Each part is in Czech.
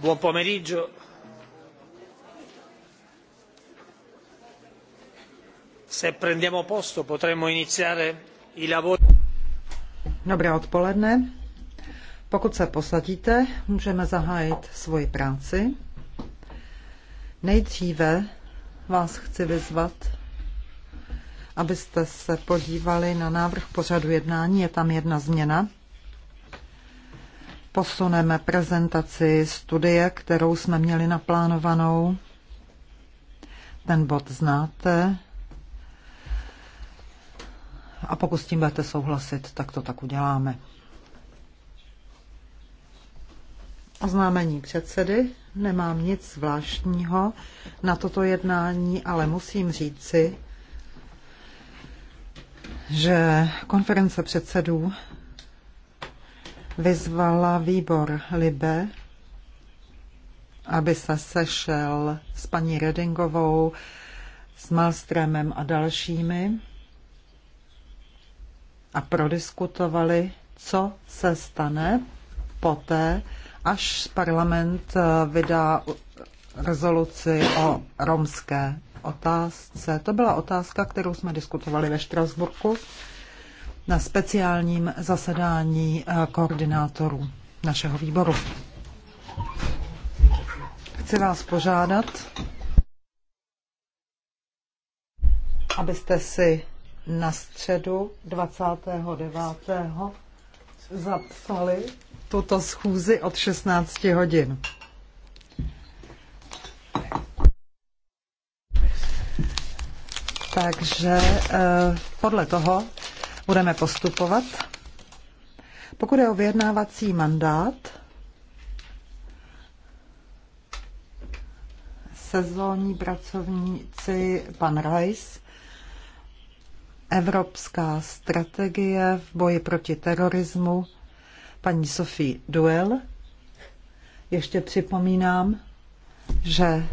Buon pomeriggio. Se prendiamo posto potremmo iniziare i lavori. Dobré odpoledne. Pokud se posadíte, můžeme zahájit svoji práci. Nejdříve vás chci vyzvat, abyste se podívali na návrh pořadu jednání. Je tam jedna změna posuneme prezentaci studie, kterou jsme měli naplánovanou. Ten bod znáte. A pokud s tím budete souhlasit, tak to tak uděláme. Oznámení předsedy. Nemám nic zvláštního na toto jednání, ale musím říci, že konference předsedů vyzvala výbor Libe, aby se sešel s paní Redingovou, s Malstremem a dalšími a prodiskutovali, co se stane poté, až parlament eh, vydá rezoluci o romské otázce. To byla otázka, kterou jsme diskutovali ve Štrasburku na speciálním zasedání eh, koordinátorů našeho výboru. Chci vás požádat, abyste si na středu 29. zapsali tuto schůzi od 16 hodin. Takže eh, podle toho budeme postupovat. Pokud je o vyjednávací mandát, sezónní pracovníci, pan Rice, Evropská strategie v boji proti terorismu, paní Sophie Duel. Ještě připomínám, že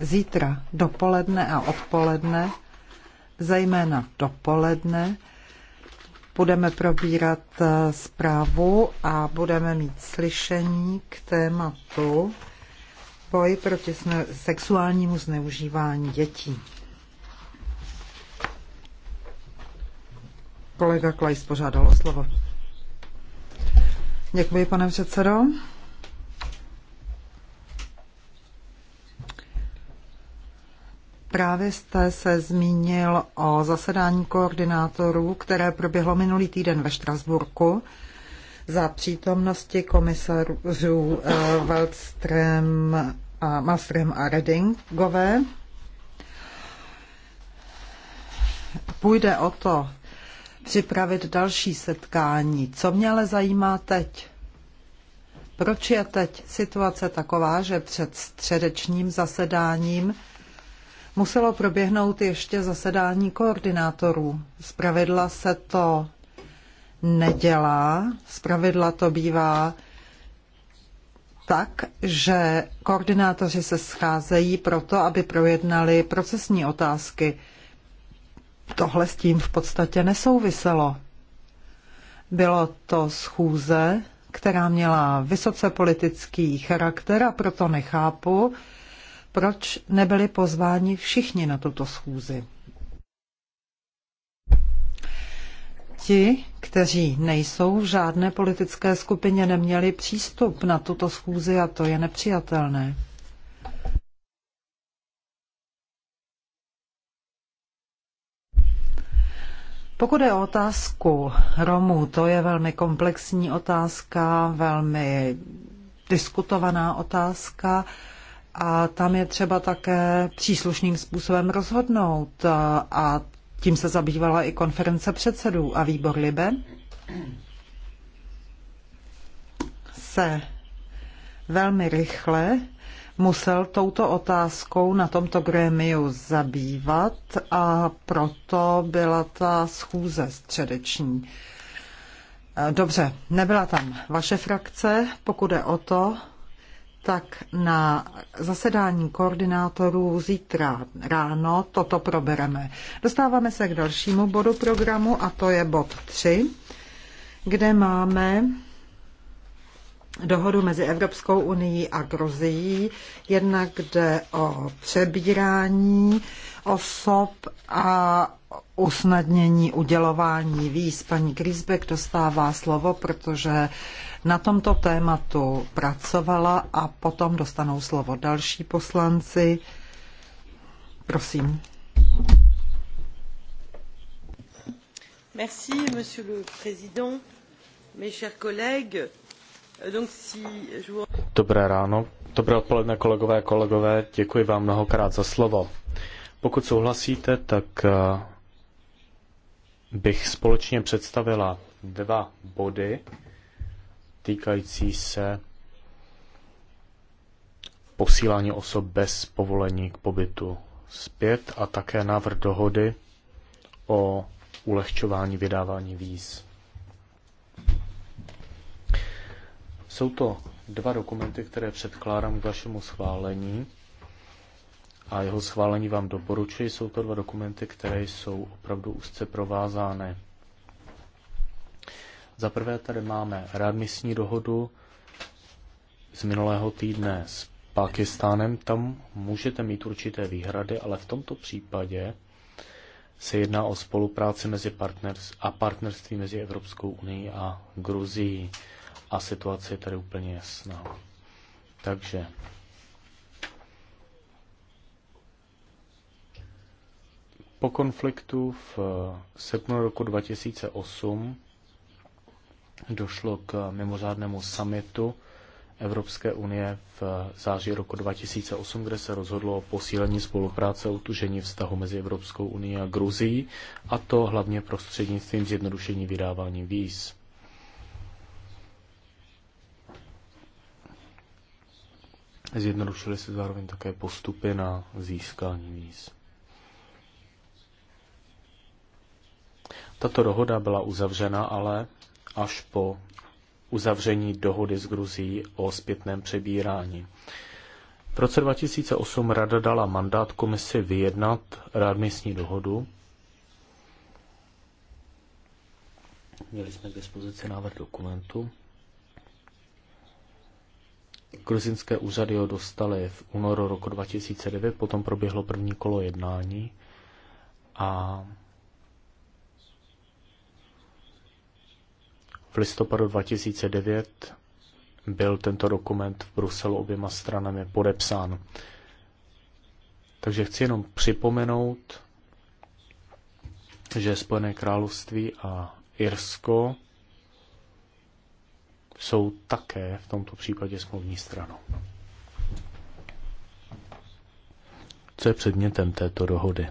zítra dopoledne a odpoledne, zejména dopoledne, budeme probírat eh, zprávu a budeme mít slyšení k tématu boj proti sexuálnímu zneužívání dětí. Kolega Klajs požádal o slovo. Děkuji, pane předsedo. Právě jste se zmínil o zasedání koordinátorů, které proběhlo minulý týden ve Štrasburku za přítomnosti komisařů eh, Waldström a Malström a Redingové. Půjde o to připravit další setkání. Co mě ale zajímá teď? Proč je teď situace taková, že před středečním zasedáním muselo proběhnout ještě zasedání koordinátorů. Zpravidla se to nedělá, zpravidla to bývá tak, že koordinátoři se scházejí proto, aby projednali procesní otázky. Tohle s tím v podstatě nesouviselo. Bylo to schůze, která měla vysoce politický charakter a proto nechápu, proč nebyli pozváni všichni na tuto schůzi. Ti, kteří nejsou v žádné politické skupině, neměli přístup na tuto schůzi a to je nepřijatelné. Pokud je o otázku Romů, to je velmi komplexní otázka, velmi diskutovaná otázka a tam je třeba také příslušným způsobem rozhodnout a tím se zabývala i konference předsedů a výbor Libe se velmi rychle musel touto otázkou na tomto grémiu zabývat a proto byla ta schůze středeční. Dobře, nebyla tam vaše frakce, pokud je o to, tak na zasedání koordinátorů zítra ráno toto probereme. Dostáváme se k dalšímu bodu programu a to je bod 3, kde máme dohodu mezi Evropskou unii a Gruzií. Jednak jde o přebírání osob a usnadnění udělování víz. Paní Grisbeck dostává slovo, protože na tomto tématu pracovala a potom dostanou slovo další poslanci. Prosím. Merci, monsieur le président, mes chers collègues. Donc, si je vous... Dobré ráno, dobré odpoledne, kolegové a kolegové. Děkuji vám mnohokrát za slovo. Pokud souhlasíte, tak eh, bych společně představila dva body, týkající se posílání osob bez povolení k pobytu zpět a také návrh dohody o ulehčování vydávání víz. Jsou to dva dokumenty, které předkládám k vašemu schválení a jeho schválení vám doporučuji. Jsou to dva dokumenty, které jsou opravdu úzce provázány. Za prvé tady máme readmisní dohodu z minulého týdne s Pakistánem. Tam můžete mít určité výhrady, ale v tomto případě se jedná o spolupráci mezi partners a partnerství mezi Evropskou unii a Gruzií. A situace je tady úplně jasná. Takže po konfliktu v srpnu roku 2008 došlo k mimořádnému summitu Evropské unie v září roku 2008, kde se rozhodlo o posílení spolupráce a utužení vztahu mezi Evropskou unii a Gruzií, a to hlavně prostřednictvím zjednodušení vydávání víz. Zjednodušily se zároveň také postupy na získání víz. Tato dohoda byla uzavřena, ale až po uzavření dohody s Gruzí o zpětném přebírání. V roce 2008 Rada dala mandát komisi vyjednat readmisní dohodu. Měli jsme k dispozici návrh dokumentu. Gruzinské úřady ho dostaly v únoru roku 2009, potom proběhlo první kolo jednání a V listopadu 2009 byl tento dokument v Bruselu oběma stranami podepsán. Takže chci jenom připomenout, že Spojené království a Irsko jsou také v tomto případě smluvní stranou. Co je předmětem této dohody?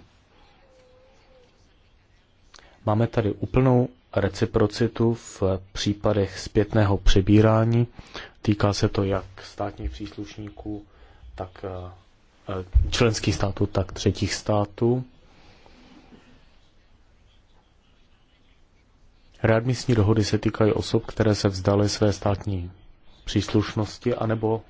Máme tady úplnou reciprocitu v případech zpětného přebírání. Týká se to jak státních příslušníků, tak eh, eh, členských států, tak třetích států. Readmisní dohody se týkají osob, které se vzdaly své státní příslušnosti anebo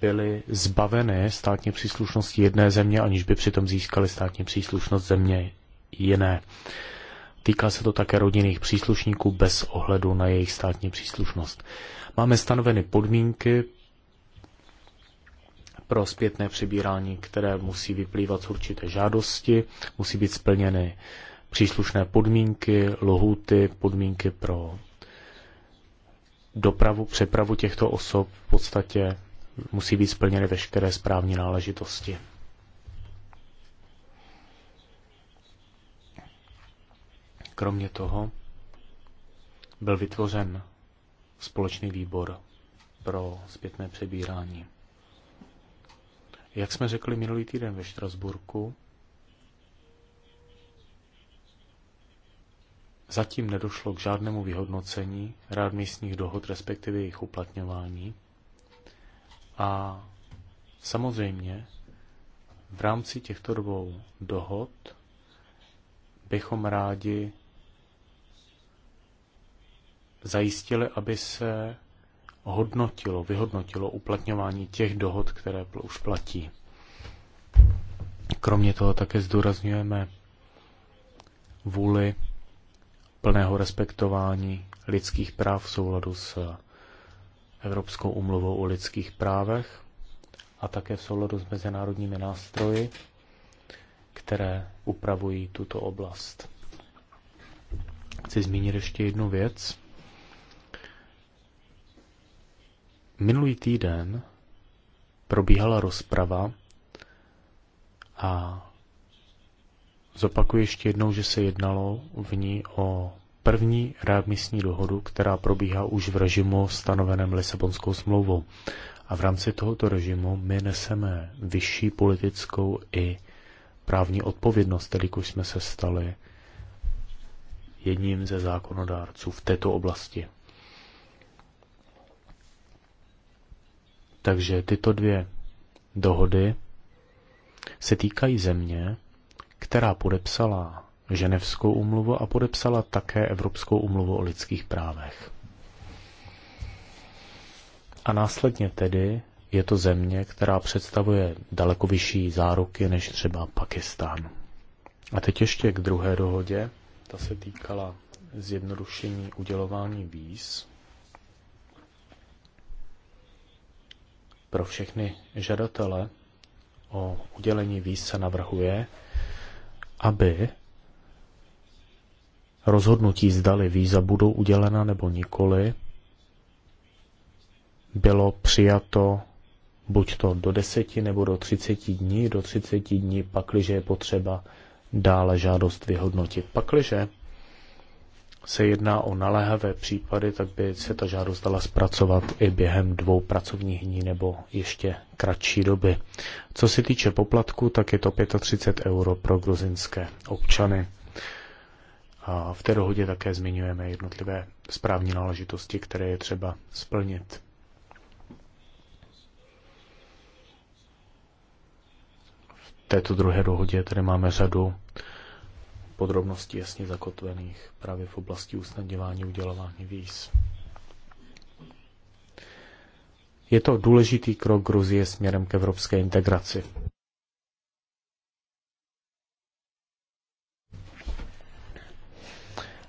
byly zbaveny státní příslušnosti jedné země, aniž by přitom získali státní příslušnost země jiné. Uh, Týká se to také rodinných příslušníků bez ohledu na jejich státní příslušnost. Máme stanoveny podmínky pro zpětné přibírání, které musí vyplývat z určité žádosti, musí být splněny příslušné podmínky, lohuty, podmínky pro dopravu, přepravu těchto osob v podstatě musí být splněny veškeré správní náležitosti. Kromě toho byl vytvořen společný výbor pro zpětné přebírání. Jak jsme řekli minulý týden ve Štrasburku, zatím nedošlo k žádnému vyhodnocení rád místních dohod, respektive jejich uplatňování. A samozřejmě v rámci těchto dvou dohod bychom rádi zajistili, aby se hodnotilo, vyhodnotilo uplatňování těch dohod, které už platí. Kromě toho také zdůrazňujeme vůli plného respektování lidských práv v souladu s Evropskou umluvou o lidských právech a také v souladu s mezinárodními nástroji, které upravují tuto oblast. Chci zmínit ještě jednu věc. Minulý týden probíhala rozprava a zopakuji ještě jednou, že se jednalo v ní o první readmisní dohodu, která probíhá už v režimu stanoveném Lisabonskou smlouvou. A v rámci tohoto režimu my neseme vyšší politickou i právní odpovědnost, tedy jsme se stali jedním ze zákonodárců v této oblasti. Takže tyto dvě dohody se týkají země, která podepsala Ženevskou umluvu a podepsala také Evropskou umluvu o lidských právech. A následně tedy je to země, která představuje daleko vyšší záruky než třeba Pakistán. A teď ještě k druhé dohodě. Ta se týkala zjednodušení udělování víz. Pro všechny žadatele o udělení víz se navrhuje, aby rozhodnutí zdali víza budou udělena nebo nikoli, bylo přijato buď to do 10 nebo do 30 dní, do 30 dní pakliže je potřeba dále žádost vyhodnotit. Pakliže se jedná o naléhavé případy, tak by se ta žádost dala zpracovat i během dvou pracovních dní nebo ještě kratší doby. Co se týče poplatku, tak je to 35 euro pro gruzinské občany. A v té dohodě také zmiňujeme jednotlivé správní náležitosti, které je třeba splnit. V této druhé dohodě tady máme řadu podrobností jasně zakotvených právě v oblasti usnadňování udělování víz. Je to důležitý krok Gruzie směrem k evropské integraci.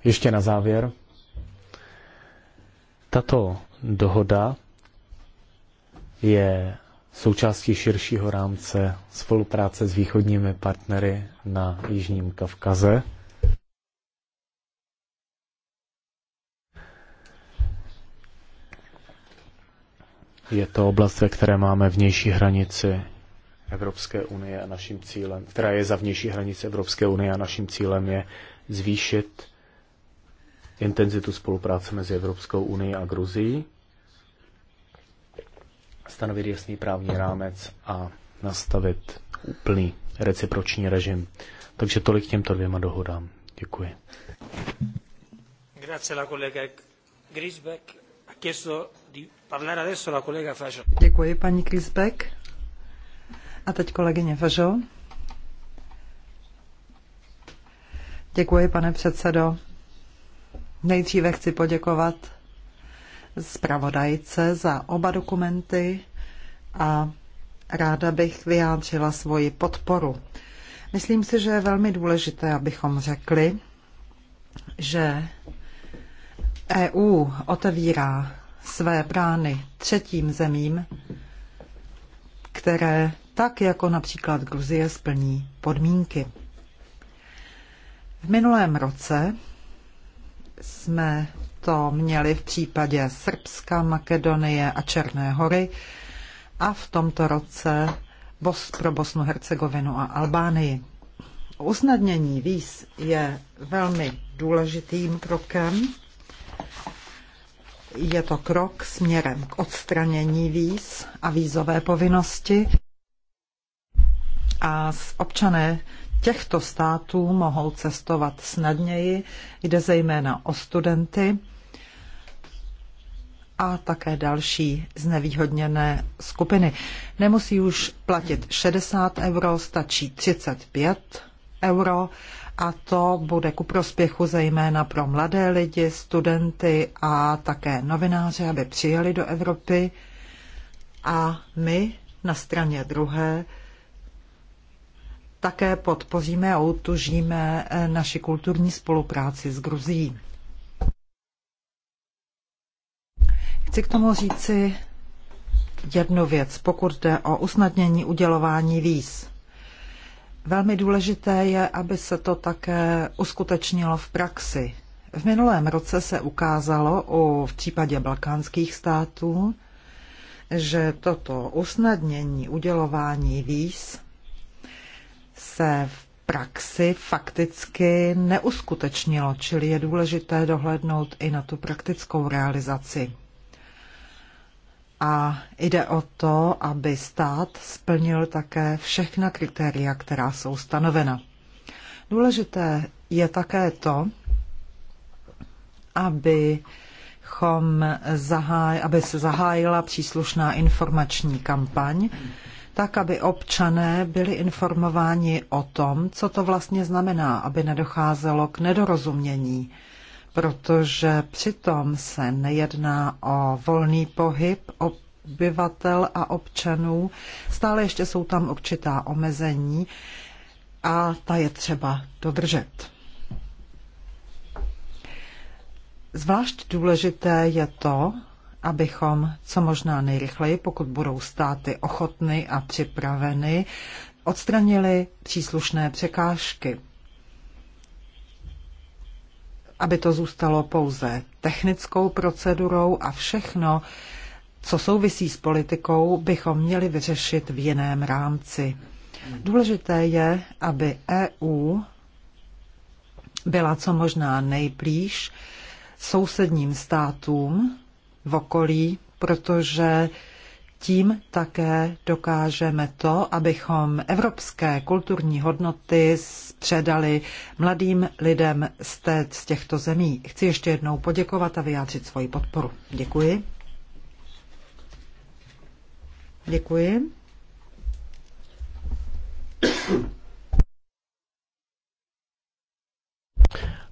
Ještě na závěr. Tato dohoda je součástí širšího rámce spolupráce s východními partnery na Jižním Kavkaze. Je to oblast, ve které máme vnější hranici Evropské unie a naším cílem, která je za vnější hranice Evropské unie a naším cílem je zvýšit intenzitu spolupráce mezi Evropskou unii a Gruzií stanovit jasný právní rámec a nastavit úplný reciproční režim. Takže tolik těmto dvěma dohodám. Děkuji. Děkuji, paní Grisbeck. A teď kolegyně Fažo. Děkuji, pane předsedo. Nejdříve chci poděkovat zpravodajce za oba dokumenty a ráda bych vyjádřila svoji podporu. Myslím si, že je velmi důležité, abychom řekli, že EU otevírá své brány třetím zemím, které tak jako například Gruzie splní podmínky. V minulém roce jsme to měli v případě Srbska, Makedonie a Černé hory a v tomto roce Bos pro Bosnu, Hercegovinu a Albánii. Usnadnění víz je velmi důležitým krokem. Je to krok směrem k odstranění víz a vízové povinnosti. A občané těchto států mohou cestovat snadněji, jde zejména o studenty a také další znevýhodněné skupiny. Nemusí už platit 60 euro, stačí 35 euro a to bude ku prospěchu zejména pro mladé lidi, studenty a také novináře, aby přijeli do Evropy. A my na straně druhé také podpoříme a utužíme eh, naši kulturní spolupráci s Gruzií. Chci k tomu říci jednu věc, pokud jde o usnadnění udělování víz. Velmi důležité je, aby se to také uskutečnilo v praxi. V minulém roce se ukázalo o, v případě balkánských států, že toto usnadnění udělování víz se v praxi fakticky neuskutečnilo, čili je důležité dohlednout i na tu praktickou realizaci. A jde o to, aby stát splnil také všechna kritéria, která jsou stanovena. Důležité je také to, abychom zaháj, aby se zahájila příslušná informační kampaň, tak aby občané byli informováni o tom, co to vlastně znamená, aby nedocházelo k nedorozumění protože přitom se nejedná o volný pohyb obyvatel a občanů. Stále ještě jsou tam určitá omezení a ta je třeba dodržet. Zvlášť důležité je to, abychom co možná nejrychleji, pokud budou státy ochotny a připraveny, odstranili příslušné překážky. Aby to zůstalo pouze technickou procedurou a všechno, co souvisí s politikou, bychom měli vyřešit v jiném rámci. Důležité je, aby EU byla co možná nejblíž sousedním státům, v okolí, protože tím také dokážeme to, abychom evropské kulturní hodnoty předali mladým lidem z, té, z těchto zemí. Chci ještě jednou poděkovat a vyjádřit svoji podporu. Děkuji. Děkuji.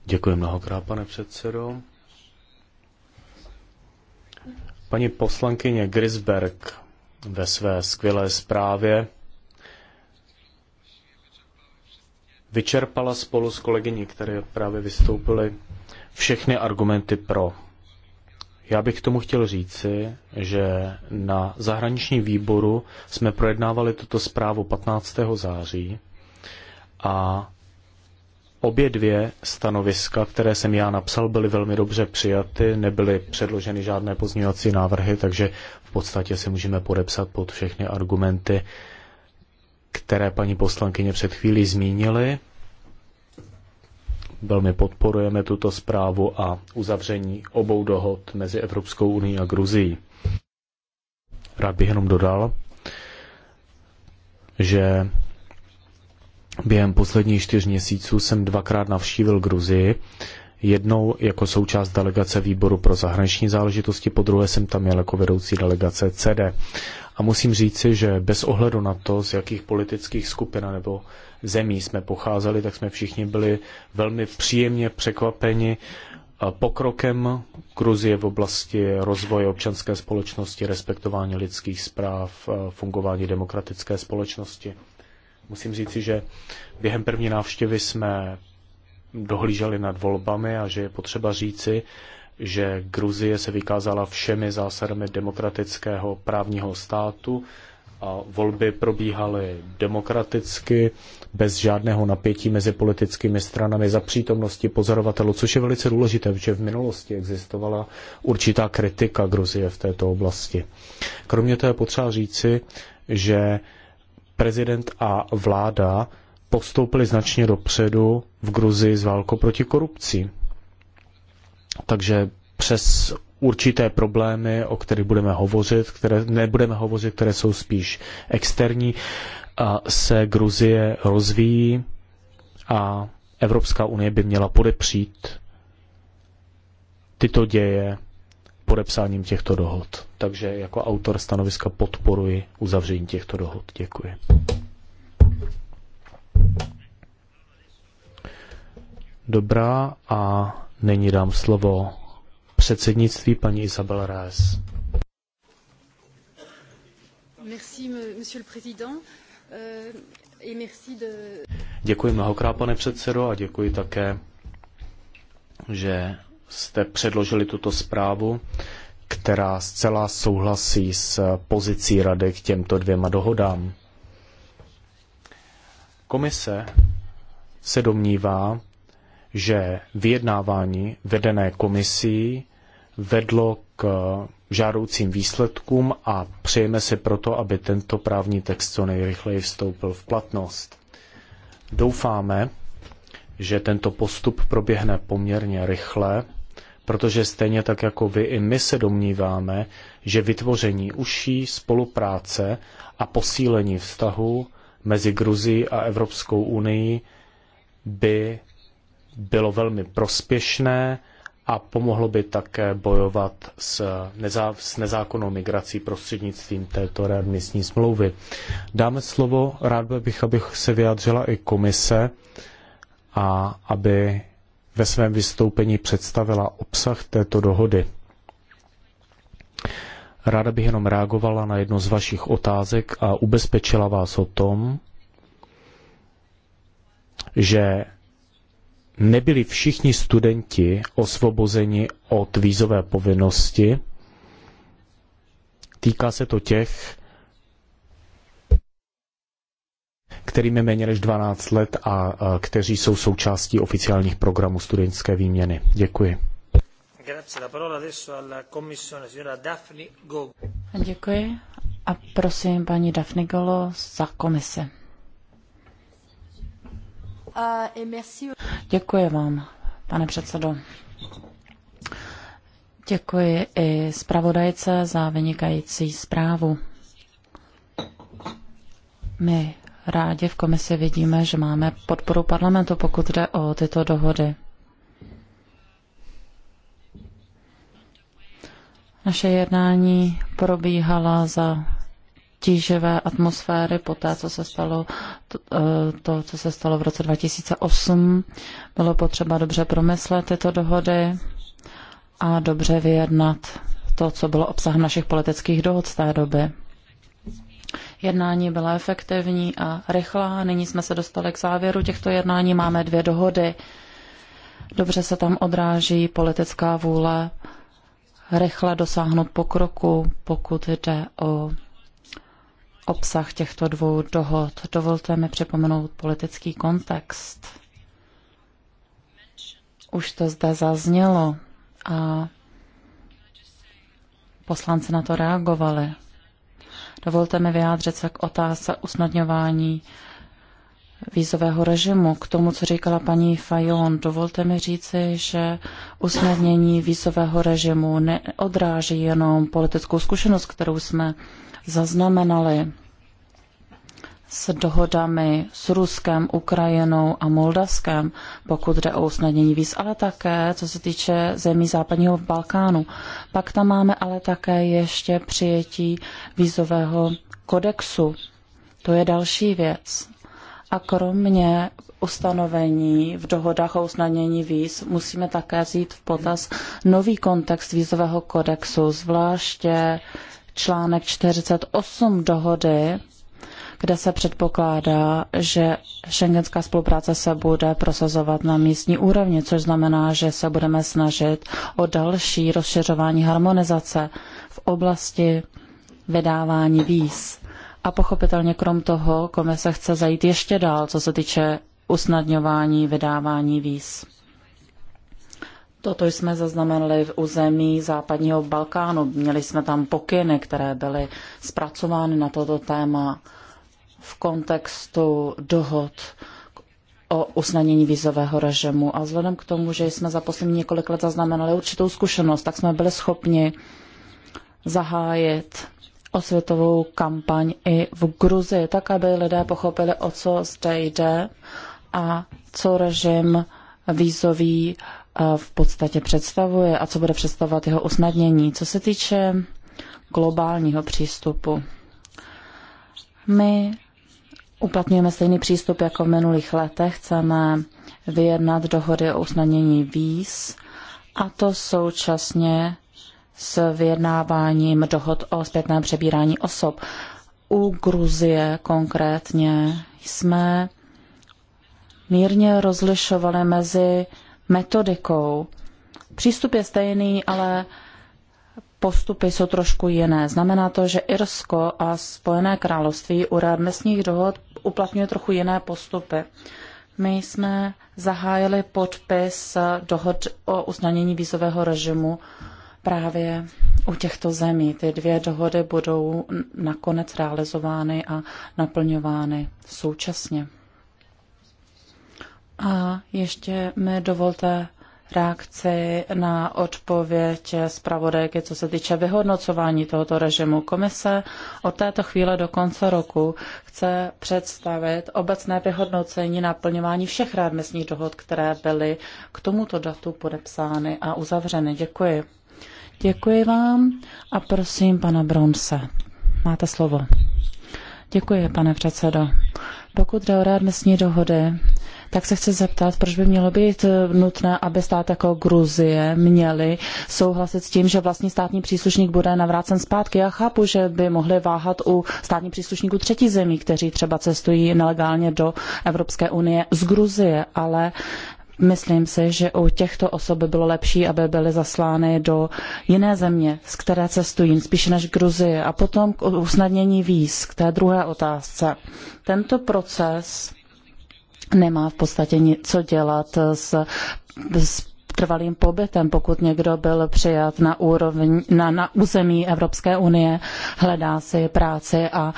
Děkuji mnohokrát, pane předsedo. Paní poslankyně Grisberg ve své skvělé zprávě vyčerpala spolu s kolegyní, které právě vystoupily, všechny argumenty pro. Já bych k tomu chtěl říci, že na zahraničním výboru jsme projednávali tuto zprávu 15. září a Obě dvě stanoviska, které jsem já napsal, byly velmi dobře přijaty, nebyly předloženy žádné pozměňovací návrhy, takže v podstatě se můžeme podepsat pod všechny argumenty, které paní poslankyně před chvílí zmínily. Velmi podporujeme tuto zprávu a uzavření obou dohod mezi Evropskou unii a Gruzií. Rád bych jenom dodal, že Během posledních čtyř měsíců jsem dvakrát navštívil Gruzii, jednou jako součást delegace výboru pro zahraniční záležitosti, po druhé jsem tam jel jako vedoucí delegace CD. A musím říci, že bez ohledu na to, z jakých politických skupin nebo zemí jsme pocházeli, tak jsme všichni byli velmi příjemně překvapeni pokrokem Gruzie v oblasti rozvoje občanské společnosti, respektování lidských zpráv, fungování demokratické společnosti. Musím říci, že během první návštěvy jsme dohlíželi nad volbami a že je potřeba říci, že Gruzie se vykázala všemi zásadami demokratického právního státu a volby probíhaly demokraticky, bez žádného napětí mezi politickými stranami za přítomnosti pozorovatelů, což je velice důležité, protože v minulosti existovala určitá kritika Gruzie v této oblasti. Kromě toho je potřeba říci, že prezident a vláda postoupili značně dopředu v Gruzii s válkou proti korupci. Takže přes určité problémy, o kterých budeme hovořit, které nebudeme hovořit, které jsou spíš externí, se Gruzie rozvíjí a Evropská unie by měla podepřít tyto děje podepsáním těchto dohod. Takže jako autor stanoviska podporuji uzavření těchto dohod. Děkuji. Dobrá a nyní dám slovo předsednictví paní Isabel Reyes. Euh, děkuji mnohokrát, pane předsedo, a děkuji také, že jste předložili tuto zprávu, která zcela souhlasí s pozicí Rady k těmto dvěma dohodám. Komise se domnívá, že vyjednávání vedené komisí vedlo k žádoucím výsledkům a přejeme si proto, aby tento právní text co nejrychleji vstoupil v platnost. Doufáme, že tento postup proběhne poměrně rychle protože stejně tak jako vy i my se domníváme, že vytvoření užší spolupráce a posílení vztahu mezi Gruzí a Evropskou unii by bylo velmi prospěšné a pomohlo by také bojovat s, nezá, s nezákonnou migrací prostřednictvím této readmisní smlouvy. Dáme slovo, rád bych, abych se vyjádřila i komise a aby ve svém vystoupení představila obsah této dohody. Ráda bych jenom reagovala na jednu z vašich otázek a ubezpečila vás o tom, že nebyli všichni studenti osvobozeni od vízové povinnosti. Týká se to těch, kterým je méně než 12 let a kteří jsou součástí oficiálních programů studentské výměny. Děkuji. Děkuji a prosím paní Daphne Golo za komise. Děkuji vám, pane předsedo. Děkuji i zpravodajce za vynikající zprávu. My rádi v komisi vidíme, že máme podporu parlamentu, pokud jde o tyto dohody. Naše jednání probíhala za tíživé atmosféry po té, co se stalo, to, eh, co se stalo v roce 2008. Bylo potřeba dobře promyslet tyto dohody a dobře vyjednat to, co bylo obsahem našich politických dohod z té doby. Jednání byla efektivní a rychlá. Nyní jsme se dostali k závěru těchto jednání. Máme dvě dohody. Dobře se tam odráží politická vůle rychle dosáhnout pokroku, pokud jde o obsah těchto dvou dohod. Dovolte mi připomenout politický kontext. Už to zde zaznělo a poslanci na to reagovali. Dovolte mi vyjádřit se k otázce usnadňování vízového režimu. K tomu, co říkala paní Fajon, dovolte mi říci, že usnadnění vízového režimu neodráží jenom politickou zkušenost, kterou jsme zaznamenali s dohodami s Ruskem, Ukrajinou a Moldavskem, pokud jde o usnadnění víz, ale také co se týče zemí západního Balkánu. Pak tam máme ale také ještě přijetí vízového kodexu. To je další věc. A kromě ustanovení v dohodách o usnadnění víz musíme také vzít v potaz nový kontext vízového kodexu, zvláště článek 48 dohody kde se předpokládá, že šengenská spolupráce se bude prosazovat na místní úrovni, což znamená, že se budeme snažit o další rozšiřování harmonizace v oblasti vydávání víz. A pochopitelně krom toho komise chce zajít ještě dál, co se týče usnadňování vydávání víz. Toto jsme zaznamenali v území západního Balkánu. Měli jsme tam pokyny, které byly zpracovány na toto téma v kontextu dohod o usnadnění vízového režimu. A vzhledem k tomu, že jsme za poslední několik let zaznamenali určitou zkušenost, tak jsme byli schopni zahájit osvětovou kampaň i v Gruzii, tak aby lidé pochopili, o co zde jde a co režim vízový eh, v podstatě představuje a co bude představovat jeho usnadnění. Co se týče globálního přístupu, my uplatňujeme stejný přístup jako v minulých letech. Chceme vyjednat dohody o usnadnění víz a to současně s vyjednáváním dohod o zpětném přebírání osob. U Gruzie konkrétně jsme mírně rozlišovali mezi metodikou. Přístup je stejný, ale postupy jsou trošku jiné. Znamená to, že Irsko a Spojené království u readmisních dohod uplatňuje trochu jiné postupy. My jsme zahájili podpis dohod o uznanění vízového režimu právě u těchto zemí. Ty dvě dohody budou nakonec realizovány a naplňovány současně. A ještě mi dovolte reakci na odpověď zpravodajky, co se týče vyhodnocování tohoto režimu. Komise od této chvíle do konce roku chce představit obecné vyhodnocení naplňování všech rádmesních dohod, které byly k tomuto datu podepsány a uzavřeny. Děkuji. Děkuji vám a prosím pana Bronse. Máte slovo. Děkuji, pane předsedo. Pokud jde o readmisní dohody, tak se chci zeptat, proč by mělo být eh, nutné, aby stát jako Gruzie měli souhlasit s tím, že vlastní státní příslušník bude navrácen zpátky. Já chápu, že by mohli váhat u státní příslušníků třetí zemí, kteří třeba cestují nelegálně do Evropské unie z Gruzie, ale Myslím si, že u těchto osob by bylo lepší, aby byly zaslány do jiné země, z které cestují, spíše než Gruzie. A potom k usnadnění víz, k té druhé otázce. Tento proces nemá v podstatě co dělat s, s trvalým pobytem, pokud někdo byl přijat na, úroveň, na, na území Evropské unie, hledá si práci a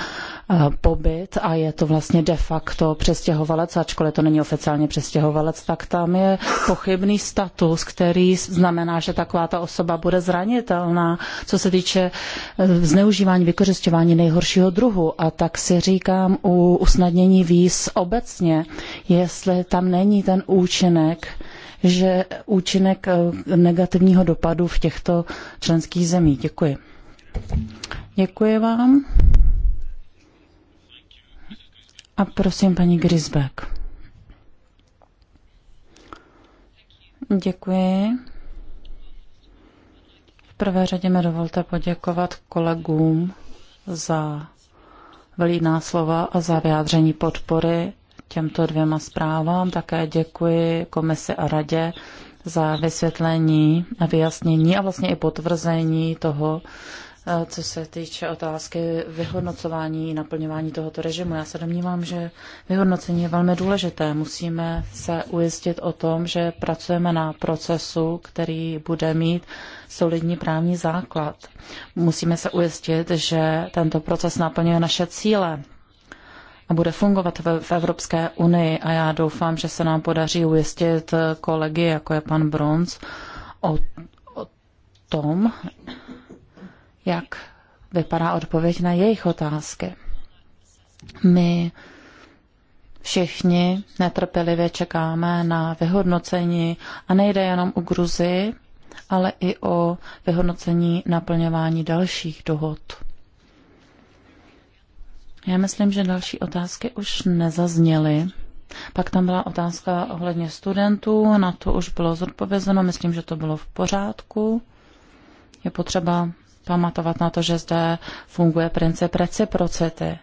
Eh, pobyt a je to vlastně de facto přestěhovalec, ačkoliv to není oficiálně přestěhovalec, tak tam je pochybný status, který znamená, že taková ta osoba bude zranitelná, co se týče eh, zneužívání, vykořišťování nejhoršího druhu. A tak si říkám u usnadnění víz obecně, jestli tam není ten účinek, že účinek eh, negativního dopadu v těchto členských zemích. Děkuji. Děkuji vám. A prosím, paní Grisbeck. Děkuji. V prvé řadě mi dovolte poděkovat kolegům za velíná slova a za vyjádření podpory těmto dvěma zprávám. Také děkuji komisi a radě za vysvětlení a vyjasnění a vlastně i potvrzení toho, co se týče otázky vyhodnocování naplňování tohoto režimu. Já se domnívám, že vyhodnocení je velmi důležité. Musíme se ujistit o tom, že pracujeme na procesu, který bude mít solidní právní základ. Musíme se ujistit, že tento proces naplňuje naše cíle a bude fungovat v, Evropské unii a já doufám, že se nám podaří ujistit kolegy, jako je pan Bronz, o, o tom, jak vypadá odpověď na jejich otázky. My všichni netrpělivě čekáme na vyhodnocení a nejde jenom o gruzi, ale i o vyhodnocení naplňování dalších dohod. Já myslím, že další otázky už nezazněly. Pak tam byla otázka ohledně studentů, na to už bylo zodpovězeno, myslím, že to bylo v pořádku. Je potřeba pamatovat na to, že zde funguje princip reciprocity.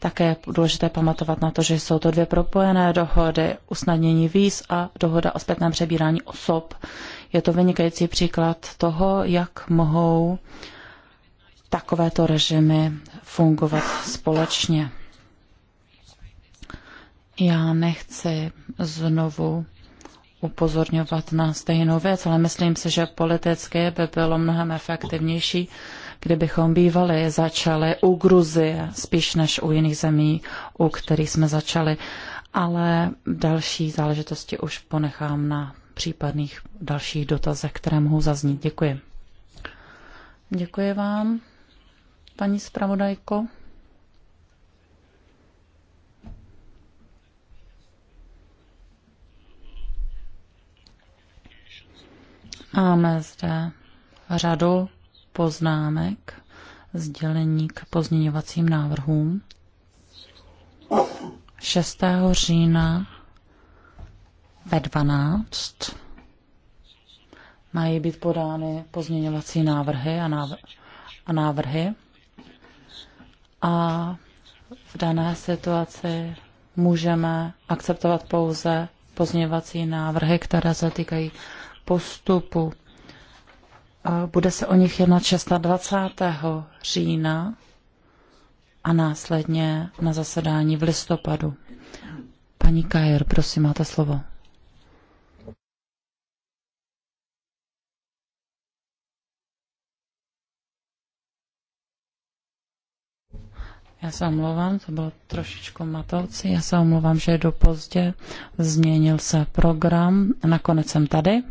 Také je důležité pamatovat na to, že jsou to dvě propojené dohody, usnadnění víz a dohoda o zpětném přebírání osob. Je to vynikající příklad toho, jak mohou takovéto režimy fungovat společně. Já nechci znovu upozorňovat na stejnou věc, ale myslím si, že politicky by bylo mnohem efektivnější, kdybychom bývali začali u Gruzie spíš než u jiných zemí, u kterých jsme začali. Ale další záležitosti už ponechám na případných dalších dotazech, které mohou zaznít. Děkuji. Děkuji vám, paní zpravodajko. Máme zde řadu poznámek, sdělení k pozměňovacím návrhům. 6. října ve 12 mají být podány pozměňovací návrhy a, návr- a návrhy. A v dané situaci můžeme akceptovat pouze pozměňovací návrhy, které se týkají postupu. Bude se o nich jednat 26. října a následně na zasedání v listopadu. Paní Kajer, prosím, máte slovo. Já se omlouvám, to bylo trošičku matoucí. Já se omlouvám, že je do pozdě. Změnil se program. Nakonec jsem tady.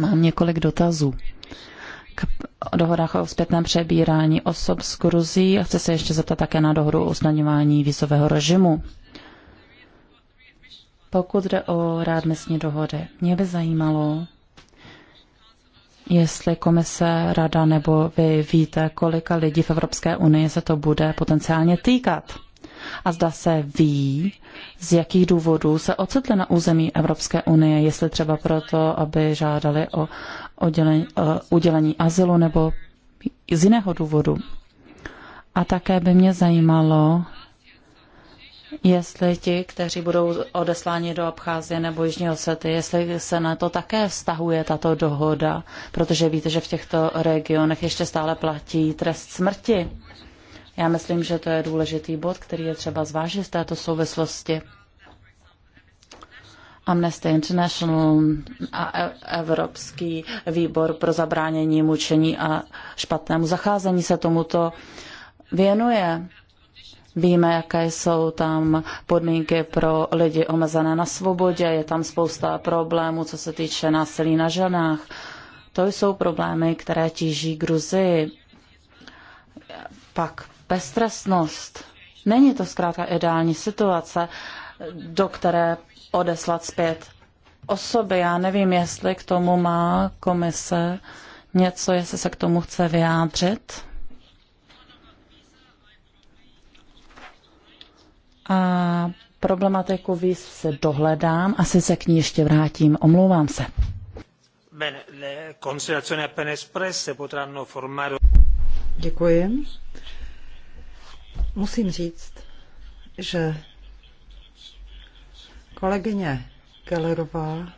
Mám několik dotazů k dohodách o zpětném přebírání osob z Gruzí a chci se ještě zeptat také na dohodu o usnadňování vízového režimu. Pokud jde o rádmesní dohody, mě by zajímalo, jestli komise, rada nebo vy víte, kolika lidí v Evropské unii se to bude potenciálně týkat a zda se ví, z jakých důvodů se ocitli na území Evropské unie, jestli třeba proto, aby žádali o oddělení, udělení azylu nebo z jiného důvodu. A také by mě zajímalo, jestli ti, kteří budou odesláni do Abcházie nebo Jižního Sety, jestli se na to také vztahuje tato dohoda, protože víte, že v těchto regionech ještě stále platí trest smrti. Já myslím, že to je důležitý bod, který je třeba zvážit v této souvislosti. Amnesty International a e- Evropský výbor pro zabránění mučení a špatnému zacházení se tomuto věnuje. Víme, jaké jsou tam podmínky pro lidi omezené na svobodě, je tam spousta problémů, co se týče násilí na ženách. To jsou problémy, které tíží Gruzii. Pak beztrestnost. Není to zkrátka ideální situace, do které odeslat zpět osoby. Já nevím, jestli k tomu má komise něco, jestli se k tomu chce vyjádřit. A problematiku víc se dohledám, asi se k ní ještě vrátím. Omlouvám se. Děkuji. Musím říct, že kolegyně Kellerová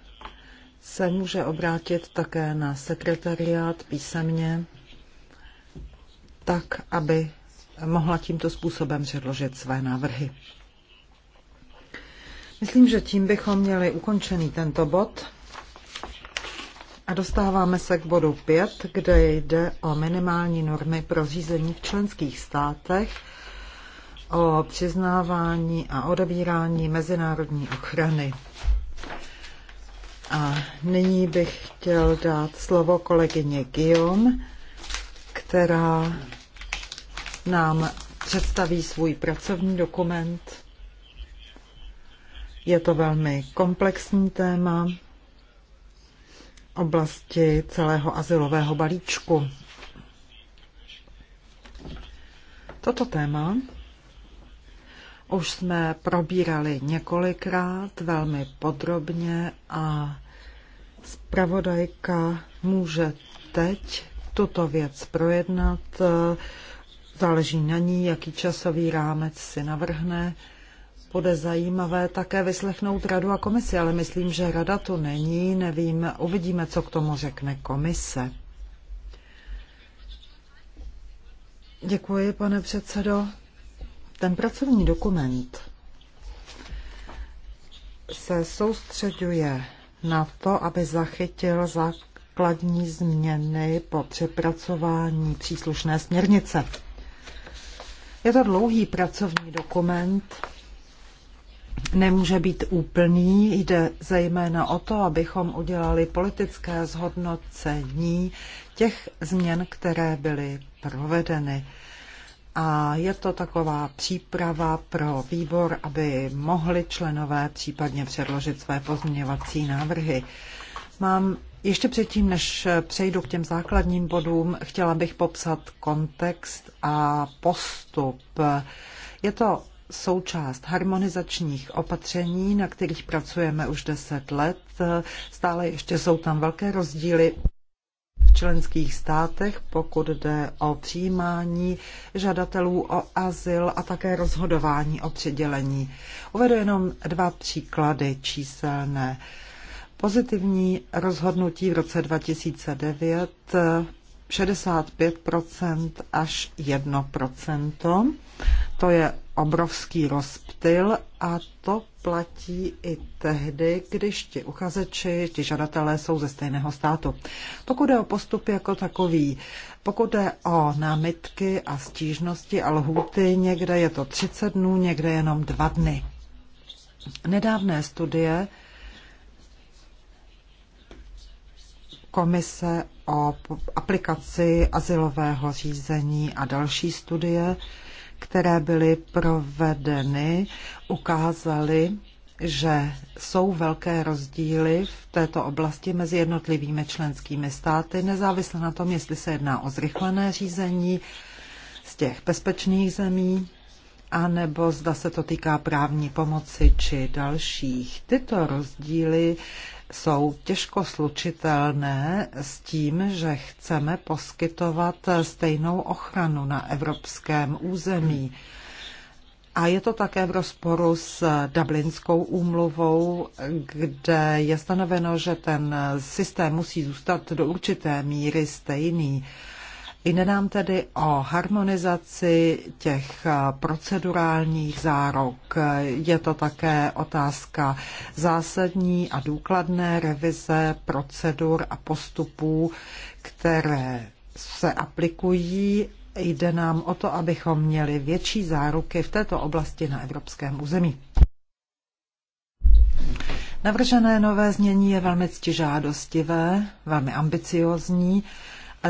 se může obrátit také na sekretariát písemně, tak, aby mohla tímto způsobem předložit své návrhy. Myslím, že tím bychom měli ukončený tento bod. A dostáváme se k bodu 5, kde jde o minimální normy pro řízení v členských státech o přiznávání a odebírání mezinárodní ochrany. A nyní bych chtěl dát slovo kolegyně Guillaume, která nám představí svůj pracovní dokument. Je to velmi komplexní téma oblasti celého asilového balíčku. Toto téma už jsme probírali několikrát velmi podrobně a zpravodajka může teď tuto věc projednat. Záleží na ní, jaký časový rámec si navrhne. Bude zajímavé také vyslechnout radu a komisi, ale myslím, že rada tu není. Nevím, uvidíme, co k tomu řekne komise. Děkuji, pane předsedo. Ten pracovní dokument se soustředuje na to, aby zachytil základní změny po přepracování příslušné směrnice. Je to dlouhý pracovní dokument, nemůže být úplný, jde zejména o to, abychom udělali politické zhodnocení těch změn, které byly provedeny a je to taková příprava pro výbor, aby mohli členové případně předložit své pozměňovací návrhy. Mám ještě předtím, než přejdu k těm základním bodům, chtěla bych popsat kontext a postup. Je to součást harmonizačních opatření, na kterých pracujeme už deset let. Stále ještě jsou tam velké rozdíly členských státech, pokud jde o přijímání žadatelů o azyl a také rozhodování o přidělení. Uvedu jenom dva příklady číselné. Pozitivní rozhodnutí v roce 2009 65 až 1 To je obrovský rozptyl a to platí i tehdy, když ti uchazeči, ti žadatelé jsou ze stejného státu. Pokud je o postup jako takový, pokud je o námitky a stížnosti a lhůty, někde je to 30 dnů, někde jenom 2 dny. Nedávné studie komise o aplikaci asilového řízení a další studie, které byly provedeny, ukázaly, že jsou velké rozdíly v této oblasti mezi jednotlivými členskými státy, nezávisle na tom, jestli se jedná o zrychlené řízení z těch bezpečných zemí, anebo zda se to týká právní pomoci či dalších. Tyto rozdíly jsou těžko slučitelné s tím, že chceme poskytovat stejnou ochranu na evropském území. A je to také v rozporu s Dublinskou úmluvou, kde je stanoveno, že ten systém musí zůstat do určité míry stejný. Jde nám tedy o harmonizaci těch eh, procedurálních zárok. Je to také otázka zásadní a důkladné revize procedur a postupů, které se aplikují. Jde nám o to, abychom měli větší záruky v této oblasti na evropském území. Navržené nové znění je velmi ctižádostivé, velmi ambiciozní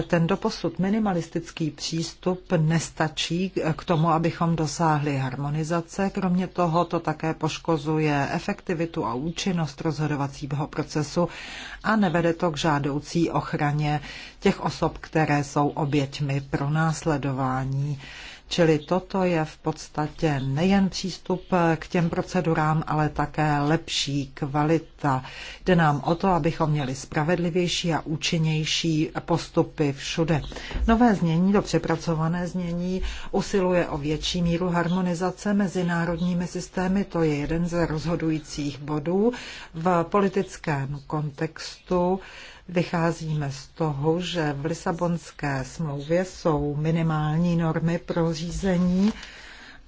ten doposud minimalistický přístup nestačí k tomu, abychom dosáhli harmonizace. Kromě toho to také poškozuje efektivitu a účinnost rozhodovacího procesu a nevede to k žádoucí ochraně těch osob, které jsou oběťmi pro následování. Čili toto je v podstatě nejen přístup k těm procedurám, ale také lepší kvalita. Jde nám o to, abychom měli spravedlivější a účinnější postupy všude. Nové znění, do přepracované znění, usiluje o větší míru harmonizace mezi národními systémy. To je jeden ze rozhodujících bodů v politickém kontextu Vycházíme z toho, že v Lisabonské smlouvě jsou minimální normy pro řízení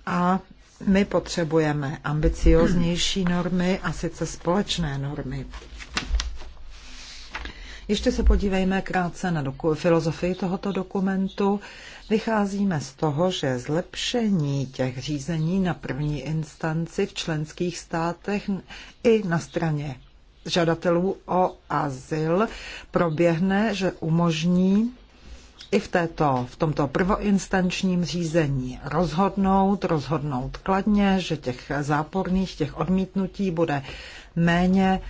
a my potřebujeme ambicioznější normy a sice společné normy. Ještě se podívejme krátce na doku- filozofii tohoto dokumentu. Vycházíme z toho, že zlepšení těch řízení na první instanci v členských státech i na straně žadatelů o azyl proběhne, že umožní i v, této, v tomto prvoinstančním řízení rozhodnout, rozhodnout kladně, že těch záporných, těch odmítnutí bude méně,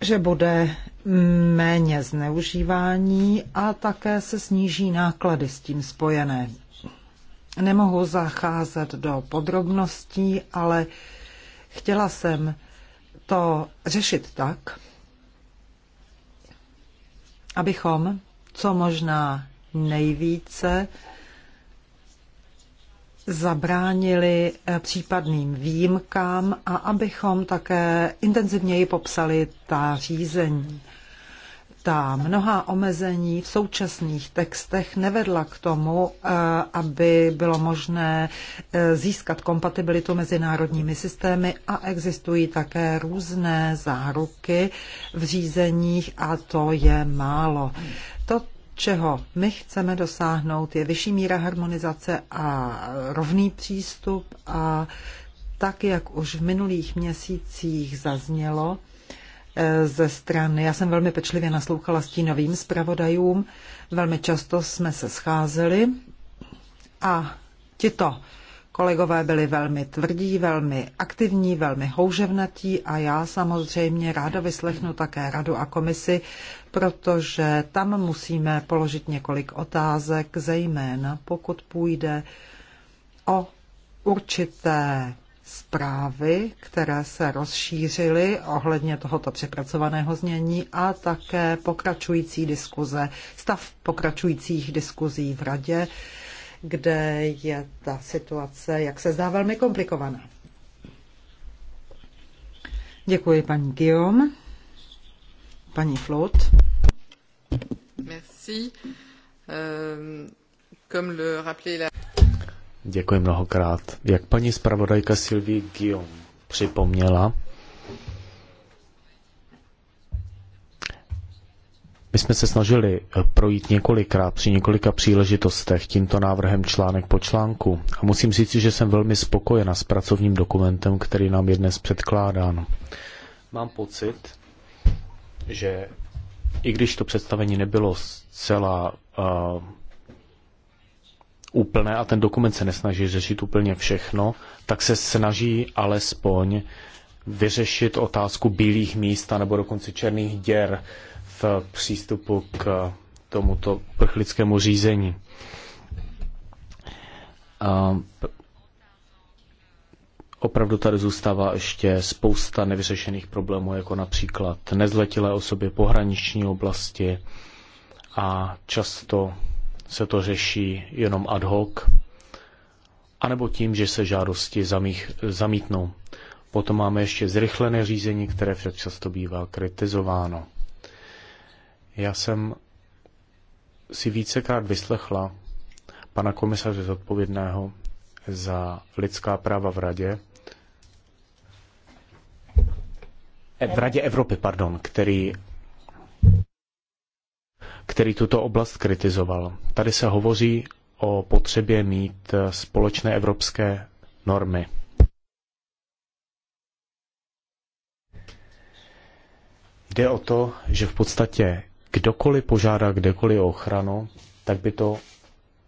že bude méně zneužívání a také se sníží náklady s tím spojené. Nemohu zacházet do podrobností, ale chtěla jsem to řešit tak, abychom co možná nejvíce zabránili eh, případným výjimkám a abychom také intenzivněji popsali ta řízení ta mnoha omezení v současných textech nevedla k tomu, eh, aby bylo možné eh, získat kompatibilitu mezi národními systémy a existují také různé záruky v řízeních a to je málo. To, čeho my chceme dosáhnout, je vyšší míra harmonizace a rovný přístup a tak, jak už v minulých měsících zaznělo, Eh, ze strany. Já jsem velmi pečlivě naslouchala stínovým zpravodajům. Velmi často jsme se scházeli a tito kolegové byli velmi tvrdí, velmi aktivní, velmi houževnatí a já samozřejmě ráda vyslechnu také radu a komisi, protože tam musíme položit několik otázek, zejména pokud půjde o určité zprávy, které se rozšířily ohledně tohoto přepracovaného znění a také pokračující diskuze, stav pokračujících diskuzí v radě, kde je ta situace, jak se zdá, velmi komplikovaná. Děkuji paní Guillaume, paní Flot. Merci. Um, comme le rappelait la Děkuji mnohokrát. Jak paní zpravodajka Sylvie Guillaume připomněla, My jsme se snažili eh, projít několikrát při několika příležitostech tímto návrhem článek po článku a musím říct, že jsem velmi spokojena s pracovním dokumentem, který nám je dnes předkládán. Mám pocit, že i když to představení nebylo zcela uh, úplné a ten dokument se nesnaží řešit úplně všechno, tak se snaží alespoň vyřešit otázku bílých míst nebo dokonce černých děr v přístupu k tomuto prchlickému řízení. A opravdu tady zůstává ještě spousta nevyřešených problémů, jako například nezletilé osoby, pohraniční oblasti a často se to řeší jenom ad hoc, anebo tím, že se žádosti zamích, zamítnou. Potom máme ještě zrychlené řízení, které však často bývá kritizováno. Já jsem si vícekrát vyslechla pana komisaře zodpovědného za lidská práva v Radě, v Radě Evropy, pardon, který který tuto oblast kritizoval. Tady se hovoří o potřebě mít společné evropské normy. Jde o to, že v podstatě kdokoliv požádá kdekoliv o ochranu, tak by to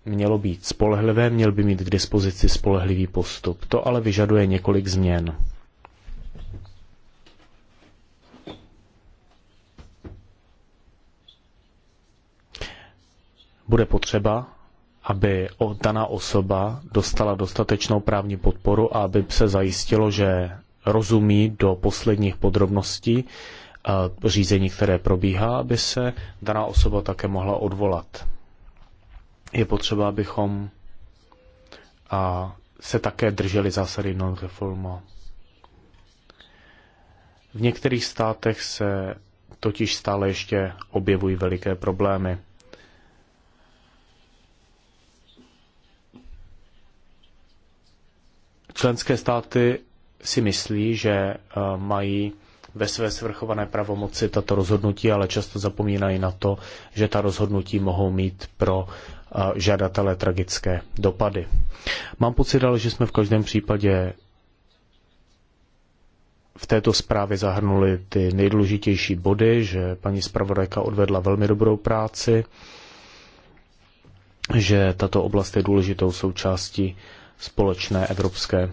mělo být spolehlivé, měl by mít k dispozici spolehlivý postup. To ale vyžaduje několik změn. bude potřeba, aby daná osoba dostala dostatečnou právní podporu a aby se zajistilo, že rozumí do posledních podrobností e, řízení, které probíhá, aby se daná osoba také mohla odvolat. Je potřeba, abychom se také drželi zásady non-reforma. V některých státech se totiž stále ještě objevují veliké problémy. Členské státy si myslí, že eh, mají ve své svrchované pravomoci tato rozhodnutí, ale často zapomínají na to, že ta rozhodnutí mohou mít pro eh, žadatele tragické dopady. Mám pocit ale, že jsme v každém případě v této zprávě zahrnuli ty nejdůležitější body, že paní zpravodajka odvedla velmi dobrou práci, že tato oblast je důležitou součástí společné evropské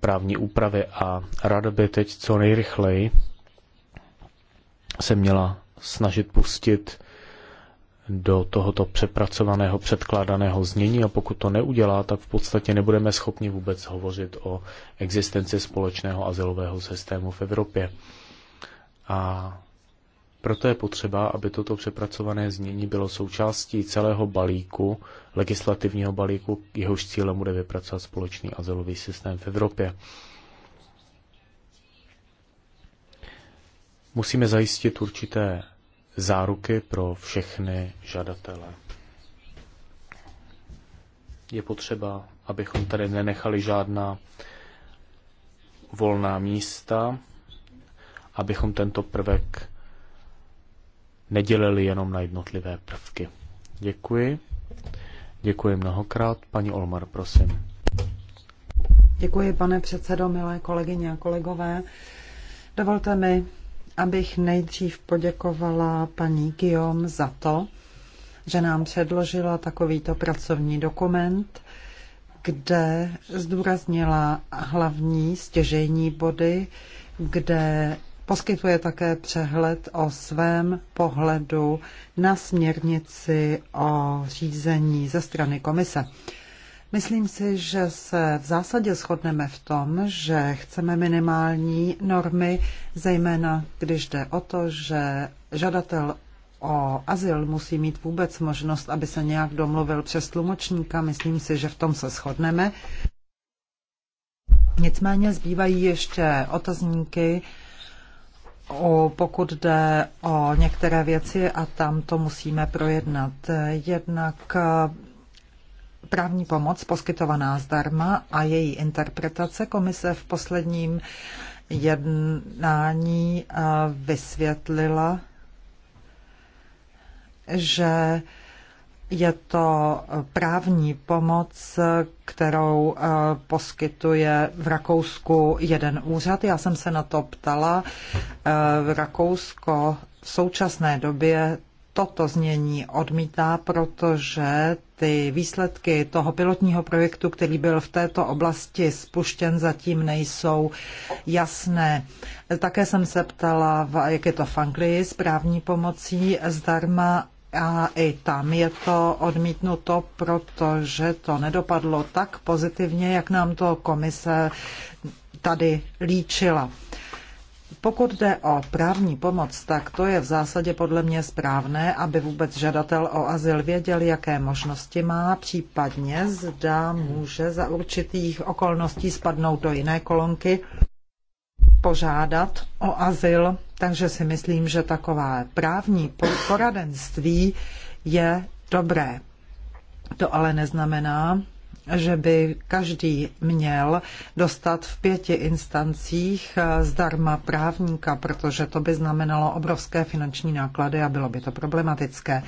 právní úpravy a rada by teď co nejrychleji se měla snažit pustit do tohoto přepracovaného, předkládaného znění a pokud to neudělá, tak v podstatě nebudeme schopni vůbec hovořit o existenci společného azylového systému v Evropě. A proto je potřeba, aby toto přepracované znění bylo součástí celého balíku, legislativního balíku, jehož cílem bude vypracovat společný azylový systém v Evropě. Musíme zajistit určité záruky pro všechny žadatele. Je potřeba, abychom tady nenechali žádná volná místa, abychom tento prvek nedělili jenom na jednotlivé prvky. Děkuji. Děkuji mnohokrát. Paní Olmar, prosím. Děkuji, pane předsedo, milé kolegyně a kolegové. Dovolte mi, abych nejdřív poděkovala paní Guillaume za to, že nám předložila takovýto pracovní dokument, kde zdůraznila hlavní stěžejní body, kde Poskytuje také přehled o svém pohledu na směrnici o řízení ze strany komise. Myslím si, že se v zásadě shodneme v tom, že chceme minimální normy, zejména když jde o to, že žadatel o azyl musí mít vůbec možnost, aby se nějak domluvil přes tlumočníka. Myslím si, že v tom se shodneme. Nicméně zbývají ještě otazníky pokud jde o některé věci a tam to musíme projednat. Jednak eh, právní pomoc poskytovaná zdarma a její interpretace komise v posledním jednání eh, vysvětlila, že je to právní pomoc, kterou eh, poskytuje v Rakousku jeden úřad. Já jsem se na to ptala. V eh, Rakousko v současné době toto znění odmítá, protože ty výsledky toho pilotního projektu, který byl v této oblasti spuštěn, zatím nejsou jasné. Také jsem se ptala, jak je to v Anglii s právní pomocí zdarma a i tam je to odmítnuto, protože to nedopadlo tak pozitivně, jak nám to komise tady líčila. Pokud jde o právní pomoc, tak to je v zásadě podle mě správné, aby vůbec žadatel o azyl věděl, jaké možnosti má, případně zda může za určitých okolností spadnout do jiné kolonky, požádat o azyl takže si myslím, že takové právní poradenství je dobré. To ale neznamená, že by každý měl dostat v pěti instancích eh, zdarma právníka, protože to by znamenalo obrovské finanční náklady a bylo by to problematické.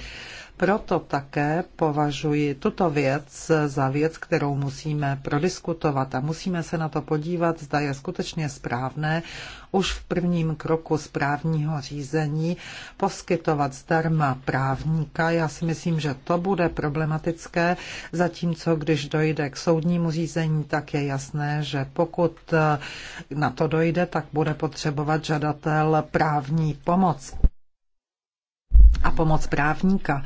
Proto také považuji tuto věc za věc, kterou musíme prodiskutovat a musíme se na to podívat, zda je skutečně správné už v prvním kroku správního řízení poskytovat zdarma právníka. Já si myslím, že to bude problematické, zatímco když dojde k soudnímu řízení, tak je jasné, že pokud na to dojde, tak bude potřebovat žadatel právní pomoc a pomoc právníka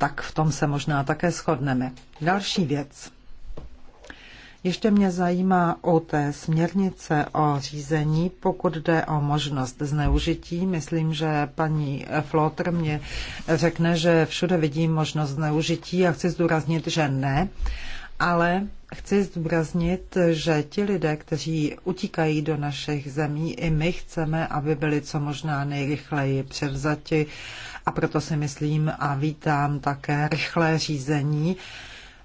tak v tom se možná také shodneme. Další věc. Ještě mě zajímá o té směrnice o řízení, pokud jde o možnost zneužití. Myslím, že paní Flotr mě řekne, že všude vidím možnost zneužití a chci zdůraznit, že ne. Ale chci zdůraznit, že ti lidé, kteří utíkají do našich zemí, i my chceme, aby byli co možná nejrychleji převzati a proto si myslím a vítám také rychlé řízení.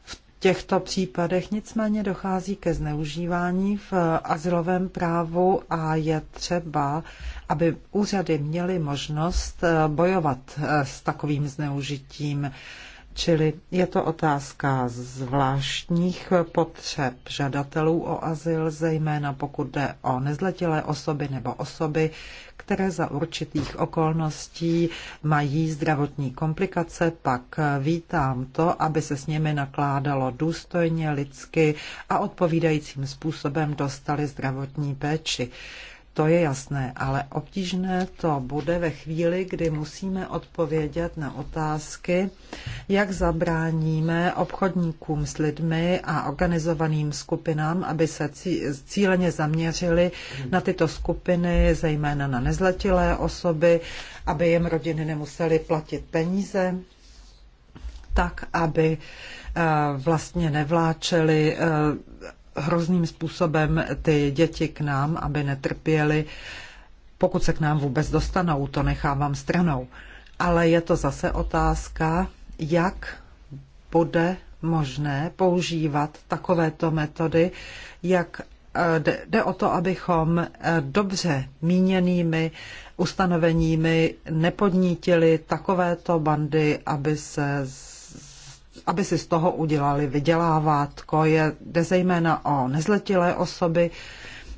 V těchto případech nicméně dochází ke zneužívání v asilovém právu a je třeba, aby úřady měly možnost eh, bojovat eh, s takovým zneužitím. Čili je to otázka zvláštních potřeb žadatelů o azyl, zejména pokud jde o nezletilé osoby nebo osoby, které za určitých okolností mají zdravotní komplikace, pak vítám to, aby se s nimi nakládalo důstojně, lidsky a odpovídajícím způsobem dostali zdravotní péči. To je jasné, ale obtížné to bude ve chvíli, kdy musíme odpovědět na otázky, jak zabráníme obchodníkům s lidmi a organizovaným skupinám, aby se cíleně zaměřili na tyto skupiny, zejména na nezletilé osoby, aby jim rodiny nemusely platit peníze, tak aby eh, vlastně nevláčeli eh, hrozným způsobem ty děti k nám, aby netrpěly, pokud se k nám vůbec dostanou, to nechávám stranou. Ale je to zase otázka, jak bude možné používat takovéto metody, jak eh, jde o to, abychom eh, dobře míněnými ustanoveními nepodnítili takovéto bandy, aby se z aby si z toho udělali vydělávátko. Je, jde zejména o nezletilé osoby.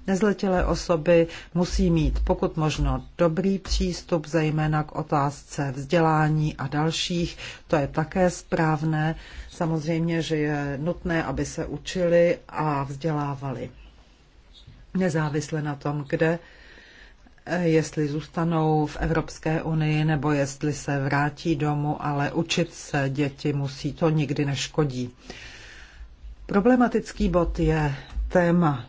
Nezletilé osoby musí mít pokud možno dobrý přístup, zejména k otázce vzdělání a dalších. To je také správné. Samozřejmě, že je nutné, aby se učili a vzdělávali. Nezávisle na tom, kde Eh, jestli zůstanou v Evropské unii nebo jestli se vrátí domů, ale učit se děti musí, to nikdy neškodí. Problematický bod je téma.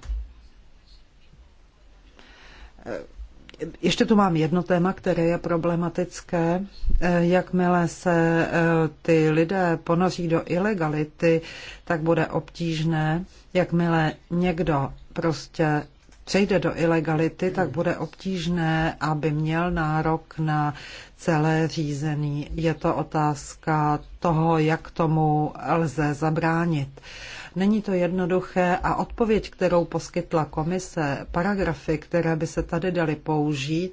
Eh, ještě tu mám jedno téma, které je problematické. Eh, jakmile se ty lidé ponoří do ilegality, tak bude obtížné. Jakmile někdo prostě přejde do ilegality, tak bude obtížné, aby měl nárok na celé řízení. Je to otázka toho, jak tomu lze zabránit. Není to jednoduché a odpověď, kterou poskytla komise, paragrafy, které by se tady daly použít,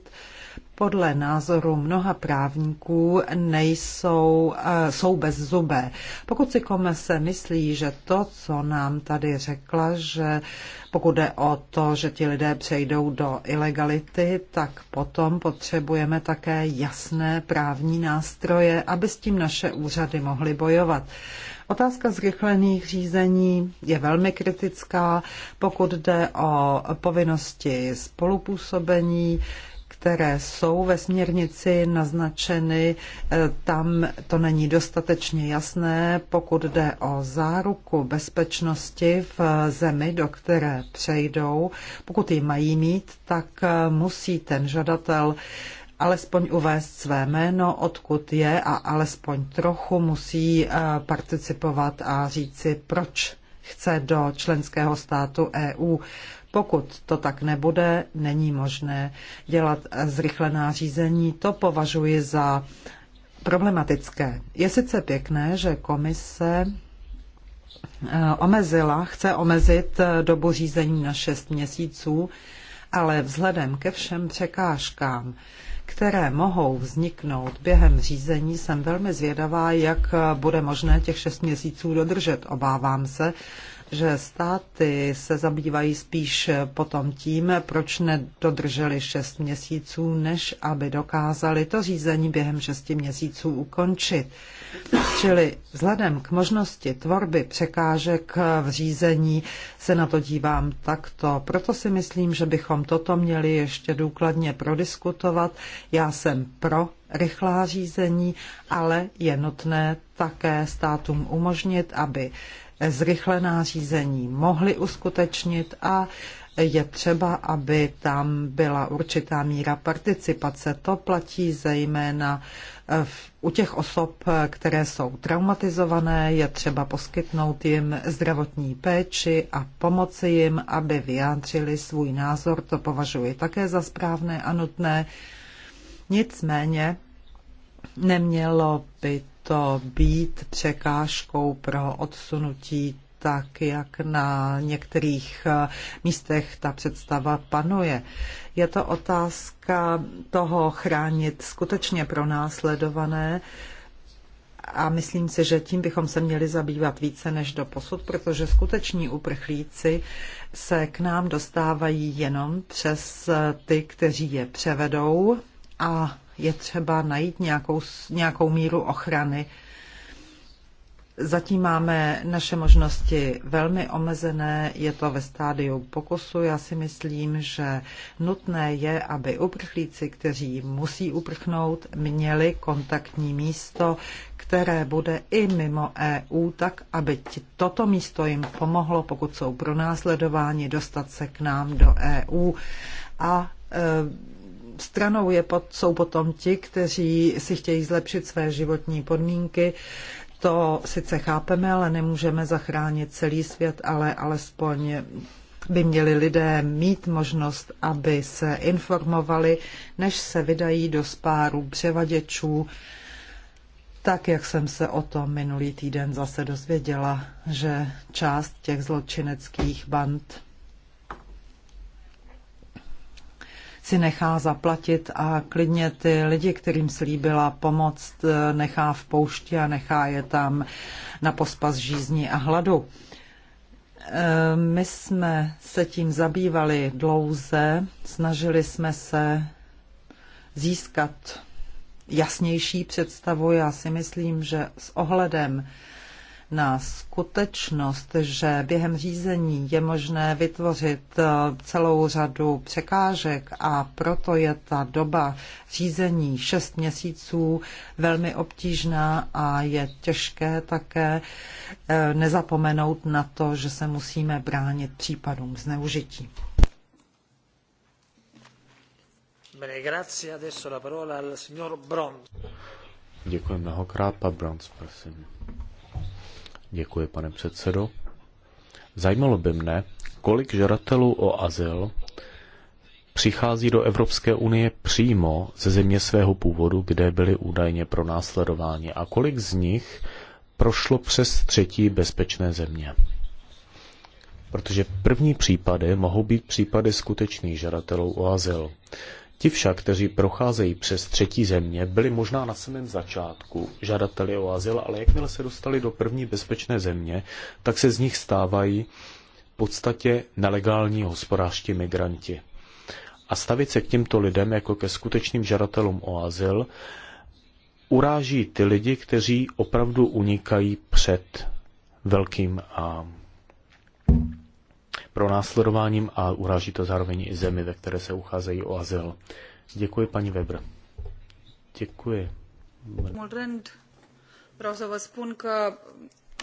podle názoru mnoha právníků nejsou, eh, jsou bez zubé. Pokud si komise myslí, že to, co nám tady řekla, že pokud jde o to, že ti lidé přejdou do ilegality, tak potom potřebujeme také jasné právní nástroje, aby s tím naše úřady mohly bojovat. Otázka zrychlených řízení je velmi kritická, pokud jde o povinnosti spolupůsobení které jsou ve směrnici naznačeny, eh, tam to není dostatečně jasné, pokud jde o záruku bezpečnosti v zemi, do které přejdou. Pokud ji mají mít, tak eh, musí ten žadatel alespoň uvést své jméno, odkud je a alespoň trochu musí eh, participovat a říci, proč chce do členského státu EU. Pokud to tak nebude, není možné dělat zrychlená řízení. To považuji za problematické. Je sice pěkné, že komise eh, omezila, chce omezit eh, dobu řízení na 6 měsíců, ale vzhledem ke všem překážkám, které mohou vzniknout během řízení, jsem velmi zvědavá, jak eh, bude možné těch šest měsíců dodržet. Obávám se, že státy se zabývají spíš potom tím, proč nedodrželi šest měsíců, než aby dokázali to řízení během šesti měsíců ukončit. Čili vzhledem k možnosti tvorby překážek v řízení se na to dívám takto. Proto si myslím, že bychom toto měli ještě důkladně prodiskutovat. Já jsem pro rychlá řízení, ale je nutné také státům umožnit, aby zrychlená řízení mohli uskutečnit a je třeba, aby tam byla určitá míra participace. To platí zejména eh, v, u těch osob, které jsou traumatizované, je třeba poskytnout jim zdravotní péči a pomoci jim, aby vyjádřili svůj názor. To považuji také za správné a nutné. Nicméně nemělo by to být překážkou pro odsunutí tak, jak na některých eh, místech ta představa panuje. Je to otázka toho chránit skutečně pro následované a myslím si, že tím bychom se měli zabývat více než do posud, protože skuteční uprchlíci se k nám dostávají jenom přes eh, ty, kteří je převedou a je třeba najít nějakou, nějakou míru ochrany. Zatím máme naše možnosti velmi omezené, je to ve stádiu pokusu. Já si myslím, že nutné je, aby uprchlíci, kteří musí uprchnout, měli kontaktní místo, které bude i mimo EU, tak aby toto místo jim pomohlo, pokud jsou pronásledováni, dostat se k nám do EU. A e, stranou je pod, jsou potom ti, kteří si chtějí zlepšit své životní podmínky. To sice chápeme, ale nemůžeme zachránit celý svět, ale alespoň by měli lidé mít možnost, aby se informovali, než se vydají do spáru převaděčů, tak jak jsem se o tom minulý týden zase dozvěděla, že část těch zločineckých band si nechá zaplatit a klidně ty lidi, kterým slíbila pomoc, eh, nechá v poušti a nechá je tam na pospas žízní a hladu. Eh, my jsme se tím zabývali dlouze, snažili jsme se získat jasnější představu. Já si myslím, že s ohledem na skutečnost, že během řízení je možné vytvořit eh, celou řadu překážek a proto je ta doba řízení 6 měsíců velmi obtížná a je těžké také eh, nezapomenout na to, že se musíme bránit případům zneužití. Děkuji mnohokrát, pan Brons, prosím. Děkuji, pane předsedo. Zajímalo by mne, kolik žadatelů o azyl přichází do Evropské unie přímo ze země svého původu, kde byli údajně pronásledováni a kolik z nich prošlo přes třetí bezpečné země. Protože první případy mohou být případy skutečných žadatelů o azyl. Ti však, kteří procházejí přes třetí země, byli možná na samém začátku žadateli o azyl, ale jakmile se dostali do první bezpečné země, tak se z nich stávají v podstatě nelegální hospodářští migranti. A stavit se k těmto lidem jako ke skutečným žadatelům o azyl uráží ty lidi, kteří opravdu unikají před velkým a pro následováním a uráží to zároveň i zemi, ve které se ucházejí o azyl. Děkuji, paní Weber. Děkuji. Mulrend, rând, vreau să vă spun că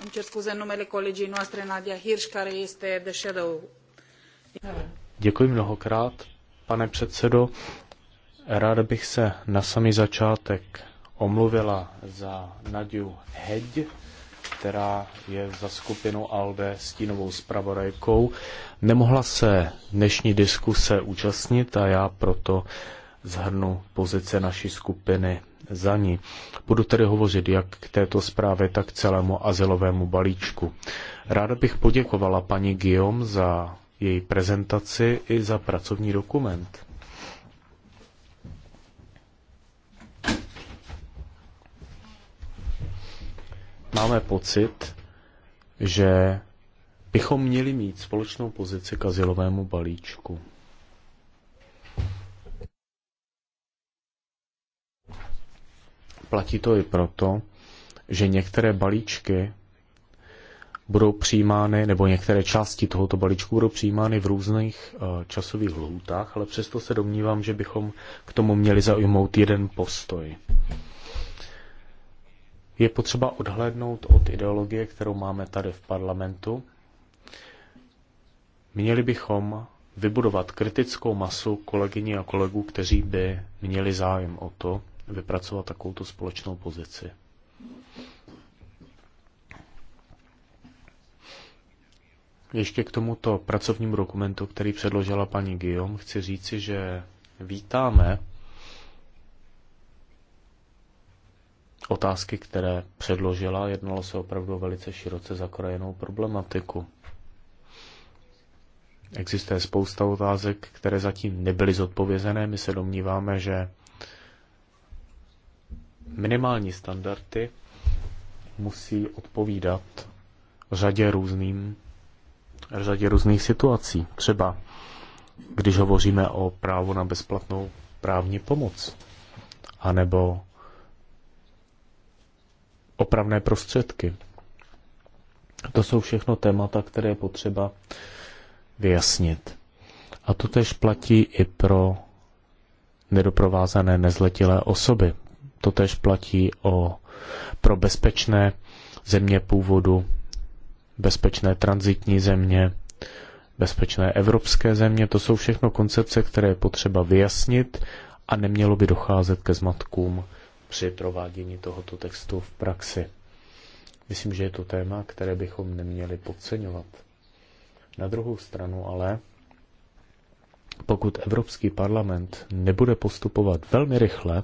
îmi cer scuze numele colegii noastre Nadia Hirsch, care este de shadow. Děkuji mnohokrát, pane předsedo. Rád bych se na samý začátek omluvila za Nadiu Hedge která je za skupinu ALDE stínovou zpravodajkou, nemohla se dnešní diskuse účastnit a já proto zhrnu pozice naší skupiny za ní. Budu tedy hovořit jak k této zprávě, tak k celému azylovému balíčku. Ráda bych poděkovala paní Guillaume za její prezentaci i za pracovní dokument. máme pocit, že bychom měli mít společnou pozici k azylovému balíčku. Platí to i proto, že některé balíčky budou přijímány, nebo některé části tohoto balíčku budou přijímány v různých eh, časových lhůtách, ale přesto se domnívám, že bychom k tomu měli zaujmout jeden postoj. Je potřeba odhlédnout od ideologie, kterou máme tady v parlamentu. Měli bychom vybudovat kritickou masu kolegyní a kolegů, kteří by měli zájem o to, vypracovat takovouto společnou pozici. Ještě k tomuto pracovnímu dokumentu, který předložila paní Guillaume, chci říci, že vítáme otázky, které předložila, jednalo se opravdu o velice široce zakrojenou problematiku. Existuje spousta otázek, které zatím nebyly zodpovězené. My se domníváme, že minimální standardy musí odpovídat řadě různým řadě různých situací. Třeba když hovoříme o právu na bezplatnou právní pomoc, anebo opravné prostředky. To jsou všechno témata, které je potřeba vyjasnit. A to tež platí i pro nedoprovázané nezletilé osoby. To tež platí o, pro bezpečné země původu, bezpečné transitní země, bezpečné evropské země. To jsou všechno koncepce, které je potřeba vyjasnit a nemělo by docházet ke zmatkům při provádění tohoto textu v praxi. Myslím, že je to téma, které bychom neměli podceňovat. Na druhou stranu ale, pokud Evropský parlament nebude postupovat velmi rychle,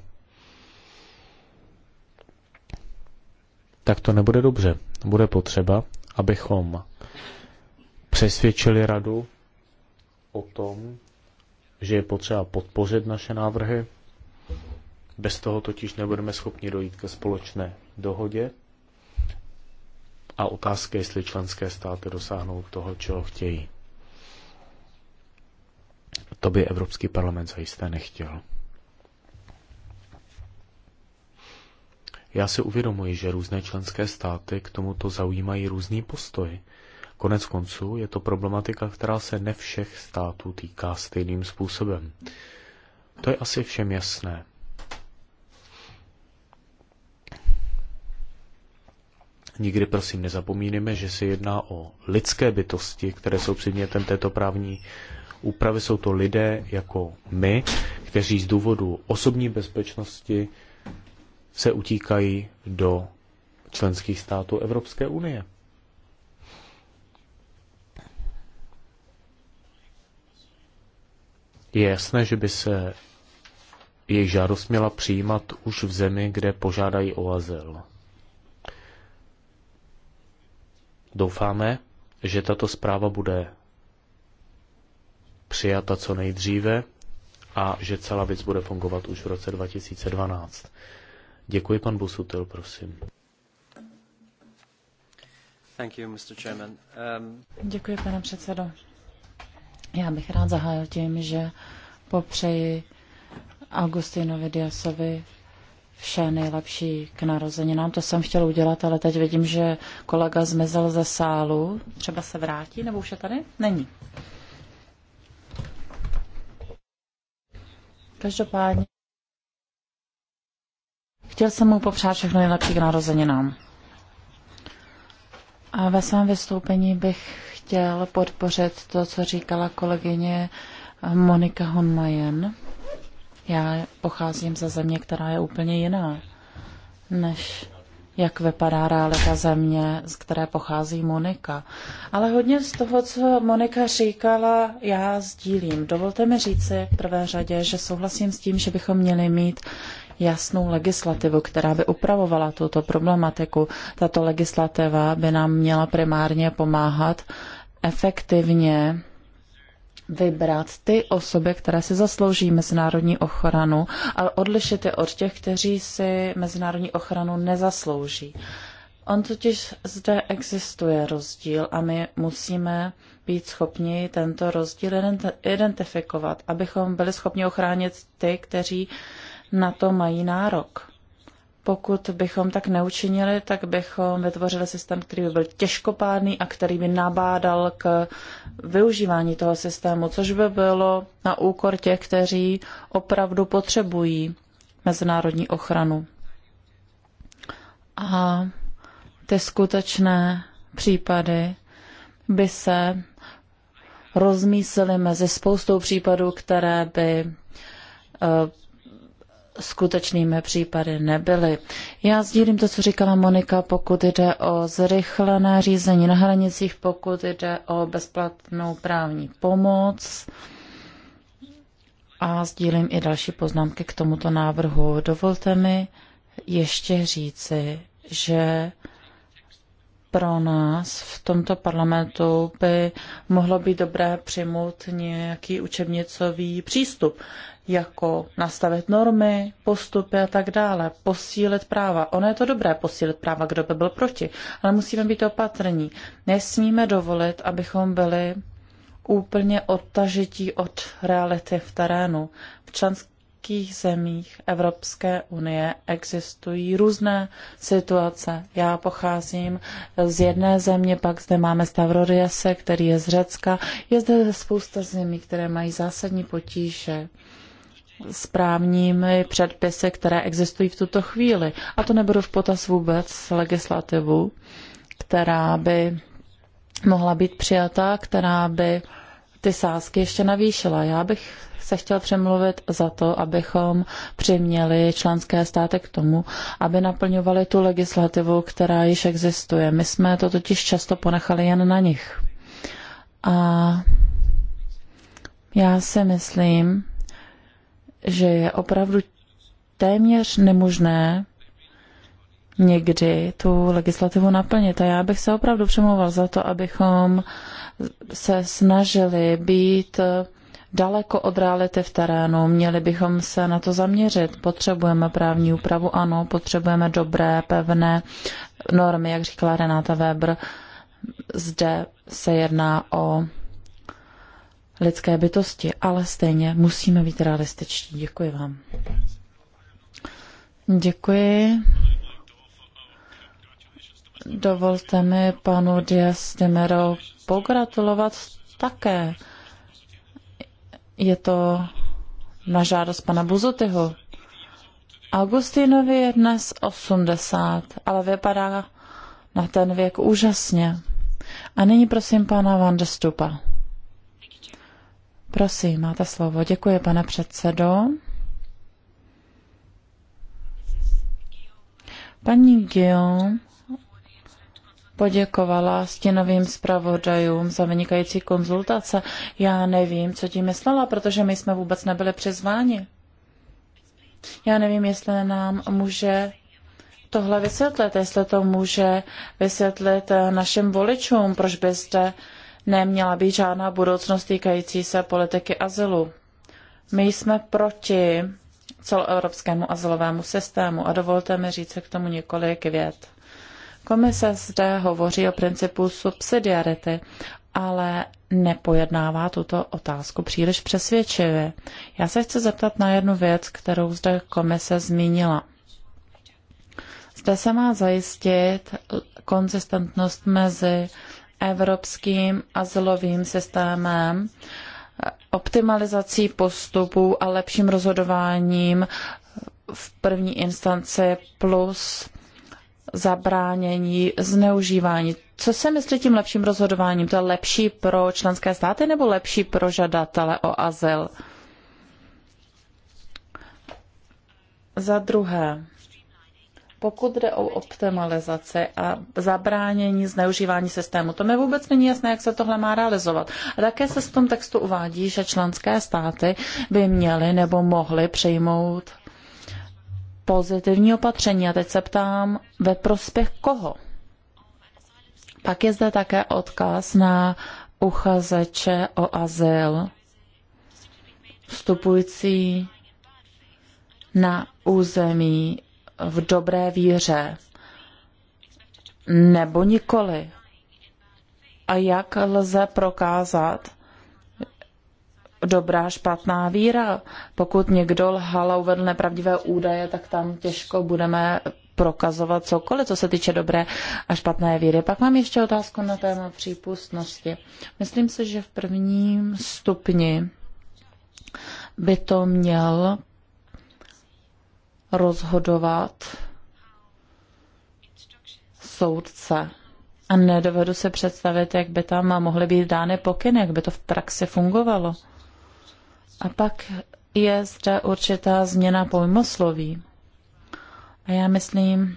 tak to nebude dobře. Bude potřeba, abychom přesvědčili radu o tom, že je potřeba podpořit naše návrhy, bez toho totiž nebudeme schopni dojít ke společné dohodě. A otázka, jestli členské státy dosáhnou toho, čeho chtějí. To by Evropský parlament zajisté nechtěl. Já si uvědomuji, že různé členské státy k tomuto zaujímají různý postoj. Konec konců je to problematika, která se ne všech států týká stejným způsobem. To je asi všem jasné. Nikdy prosím nezapomínejme, že se jedná o lidské bytosti, které jsou předmětem této právní úpravy. Jsou to lidé jako my, kteří z důvodu osobní bezpečnosti se utíkají do členských států Evropské unie. Je jasné, že by se jejich žádost měla přijímat už v zemi, kde požádají o azyl. Doufáme, že tato zpráva bude přijata co nejdříve a že celá věc bude fungovat už v roce 2012. Děkuji, pan Busutil, prosím. You, um... Děkuji, pane předsedo. Já bych rád zahájil tím, že popřeji Augustinovi Diasovi vše nejlepší k narozeninám. To jsem chtěl udělat, ale teď vidím, že kolega zmizel ze sálu. Třeba se vrátí, nebo už je tady? Není. Každopádně chtěl jsem mu popřát všechno nejlepší k narozeninám. A ve svém vystoupení bych chtěl podpořit to, co říkala kolegyně Monika Honmajen. Já pocházím ze země, která je úplně jiná, než jak vypadá realita země, z které pochází Monika. Ale hodně z toho, co Monika říkala, já sdílím. Dovolte mi říci v prvé řadě, že souhlasím s tím, že bychom měli mít jasnou legislativu, která by upravovala tuto problematiku. Tato legislativa by nám měla primárně pomáhat efektivně vybrat ty osoby, které si zaslouží mezinárodní ochranu, ale odlišit je od těch, kteří si mezinárodní ochranu nezaslouží. On totiž zde existuje rozdíl a my musíme být schopni tento rozdíl identifikovat, abychom byli schopni ochránit ty, kteří na to mají nárok. Pokud bychom tak neučinili, tak bychom vytvořili systém, který by byl těžkopádný a který by nabádal k využívání toho systému, což by bylo na úkor těch, kteří opravdu potřebují mezinárodní ochranu. A ty skutečné případy by se rozmísily mezi spoustou případů, které by eh, skutečnými případy nebyly. Já sdílím to, co říkala Monika, pokud jde o zrychlené řízení na hranicích, pokud jde o bezplatnou právní pomoc a sdílím i další poznámky k tomuto návrhu. Dovolte mi ještě říci, že pro nás v tomto parlamentu by mohlo být dobré přijmout nějaký učebnicový přístup, jako nastavit normy, postupy a tak dále, posílit práva. Ono je to dobré posílit práva, kdo by byl proti, ale musíme být opatrní. Nesmíme dovolit, abychom byli úplně odtažití od reality v terénu. V členských jakých zemích Evropské unie existují různé situace. Já pocházím z jedné země, pak zde máme Stavrodiase, který je z Řecka. Je zde spousta zemí, které mají zásadní potíže s právními předpisy, které existují v tuto chvíli. A to nebudu v potaz vůbec legislativu, která by mohla být přijatá, která by ty sázky ještě navýšila. Já bych se chtěl přemluvit za to, abychom přiměli členské státy k tomu, aby naplňovali tu legislativu, která již existuje. My jsme to totiž často ponechali jen na nich. A já si myslím, že je opravdu téměř nemožné někdy tu legislativu naplnit. A já bych se opravdu přemlouval za to, abychom se snažili být daleko od reality v terénu. Měli bychom se na to zaměřit. Potřebujeme právní úpravu, ano, potřebujeme dobré, pevné normy, jak říkala Renáta Weber. Zde se jedná o lidské bytosti, ale stejně musíme být realističtí. Děkuji vám. Děkuji. Dovolte mi panu Diaz Mero pogratulovat také. Je to na žádost pana Buzutyho. Augustinovi je dnes 80, ale vypadá na ten věk úžasně. A nyní prosím pana Van de Stupa. Prosím, máte slovo. Děkuji, pane předsedo. Paní Guillaume, poděkovala stěnovým zpravodajům za vynikající konzultace. Já nevím, co tím myslela, protože my jsme vůbec nebyli přizváni. Já nevím, jestli nám může tohle vysvětlit, jestli to může vysvětlit eh, našim voličům, proč byste neměla být žádná budoucnost týkající se politiky azylu. My jsme proti celoevropskému azylovému systému a dovolte mi říct k tomu několik vět. Komise zde hovoří o principu subsidiarity, ale nepojednává tuto otázku příliš přesvědčivě. Já se chci zeptat na jednu věc, kterou zde komise zmínila. Zde se má zajistit konzistentnost mezi evropským azylovým systémem, optimalizací postupů a lepším rozhodováním v první instanci plus zabránění zneužívání. Co se myslí tím lepším rozhodováním? To je lepší pro členské státy nebo lepší pro žadatele o azyl? Za druhé, pokud jde o optimalizaci a zabránění zneužívání systému, to mi vůbec není jasné, jak se tohle má realizovat. A také se v tom textu uvádí, že členské státy by měly nebo mohly přejmout pozitivní opatření. A teď se ptám, ve prospěch koho? Pak je zde také odkaz na uchazeče o azyl vstupující na území v dobré víře nebo nikoli. A jak lze prokázat, dobrá, špatná víra. Pokud někdo lhal a uvedl nepravdivé údaje, tak tam těžko budeme prokazovat cokoliv, co se týče dobré a špatné víry. Pak mám ještě otázku na téma přípustnosti. Myslím si, že v prvním stupni by to měl rozhodovat soudce. A nedovedu se představit, jak by tam mohly být dány pokyny, jak by to v praxi fungovalo. A pak je zde určitá změna pojmosloví. A já myslím,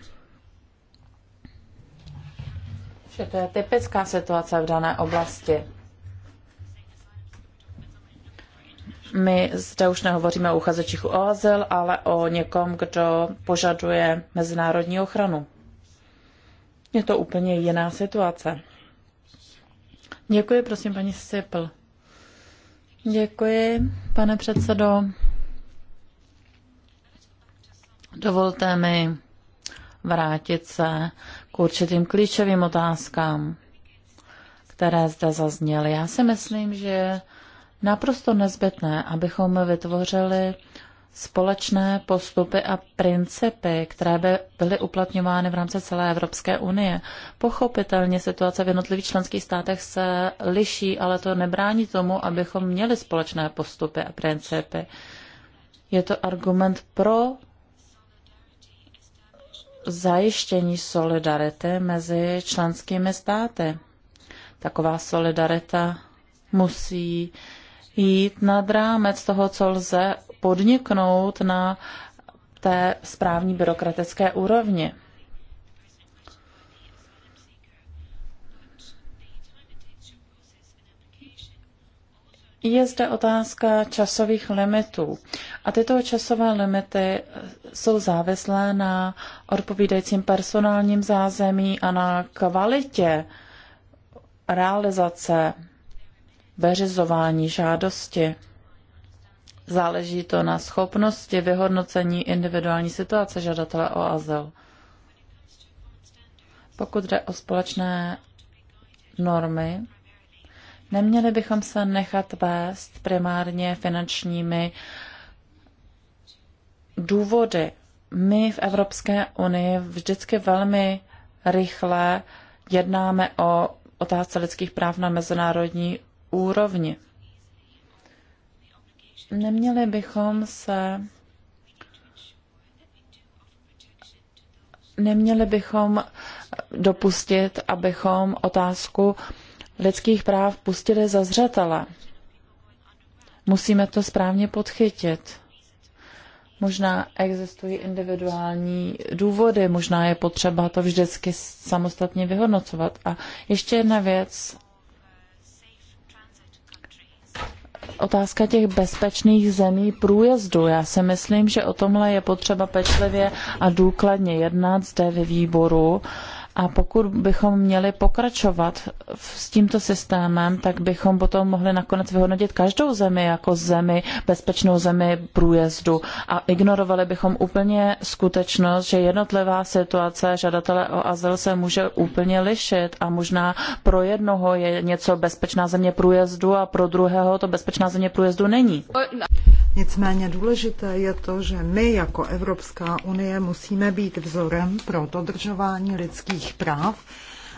že to je typická situace v dané oblasti. My zde už nehovoříme o uchazečích o azyl, ale o někom, kdo požaduje mezinárodní ochranu. Je to úplně jiná situace. Děkuji, prosím, paní Sipl. Děkuji, pane předsedo. Dovolte mi vrátit se k určitým klíčovým otázkám, které zde zazněly. Já si myslím, že je naprosto nezbytné, abychom vytvořili společné postupy a principy, které by byly uplatňovány v rámci celé Evropské unie. Pochopitelně situace v jednotlivých členských státech se liší, ale to nebrání tomu, abychom měli společné postupy a principy. Je to argument pro zajištění solidarity mezi členskými státy. Taková solidarita musí jít nad rámec toho, co lze podniknout na té správní byrokratické úrovni. Je zde otázka časových limitů. A tyto časové limity jsou závislé na odpovídajícím personálním zázemí a na kvalitě realizace, veřizování žádosti. Záleží to na schopnosti vyhodnocení individuální situace žadatele o azyl. Pokud jde o společné normy, neměli bychom se nechat vést primárně finančními důvody. My v Evropské unii vždycky velmi rychle jednáme o otázce lidských práv na mezinárodní úrovni. Neměli bychom se neměli bychom dopustit, abychom otázku lidských práv pustili za zřetele. Musíme to správně podchytit. Možná existují individuální důvody, možná je potřeba to vždycky samostatně vyhodnocovat. A ještě jedna věc, otázka těch bezpečných zemí průjezdu. Já si myslím, že o tomhle je potřeba pečlivě a důkladně jednat zde ve výboru. A pokud bychom měli pokračovat s tímto systémem, tak bychom potom mohli nakonec vyhodnotit každou zemi jako zemi, bezpečnou zemi průjezdu. A ignorovali bychom úplně skutečnost, že jednotlivá situace žadatele o azyl se může úplně lišit a možná pro jednoho je něco bezpečná země průjezdu a pro druhého to bezpečná země průjezdu není. Nicméně důležité je to, že my jako Evropská unie musíme být vzorem pro dodržování lidských lidských práv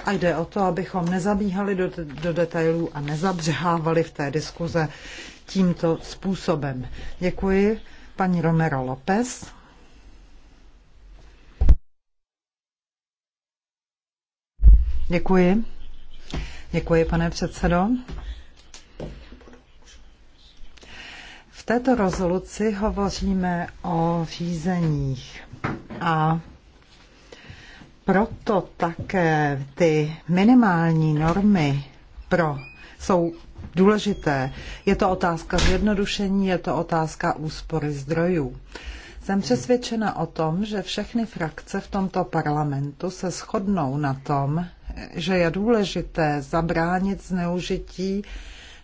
a jde o to, abychom nezabíhali do, do detailů a nezabřehávali v té diskuze tímto způsobem. Děkuji paní Romero López. Děkuji. Děkuji, pane předsedo. V této rezoluci hovoříme o řízeních a proto také ty minimální normy pro jsou důležité. Je to otázka zjednodušení, je to otázka úspory zdrojů. Jsem přesvědčena o tom, že všechny frakce v tomto parlamentu se shodnou na tom, že je důležité zabránit zneužití.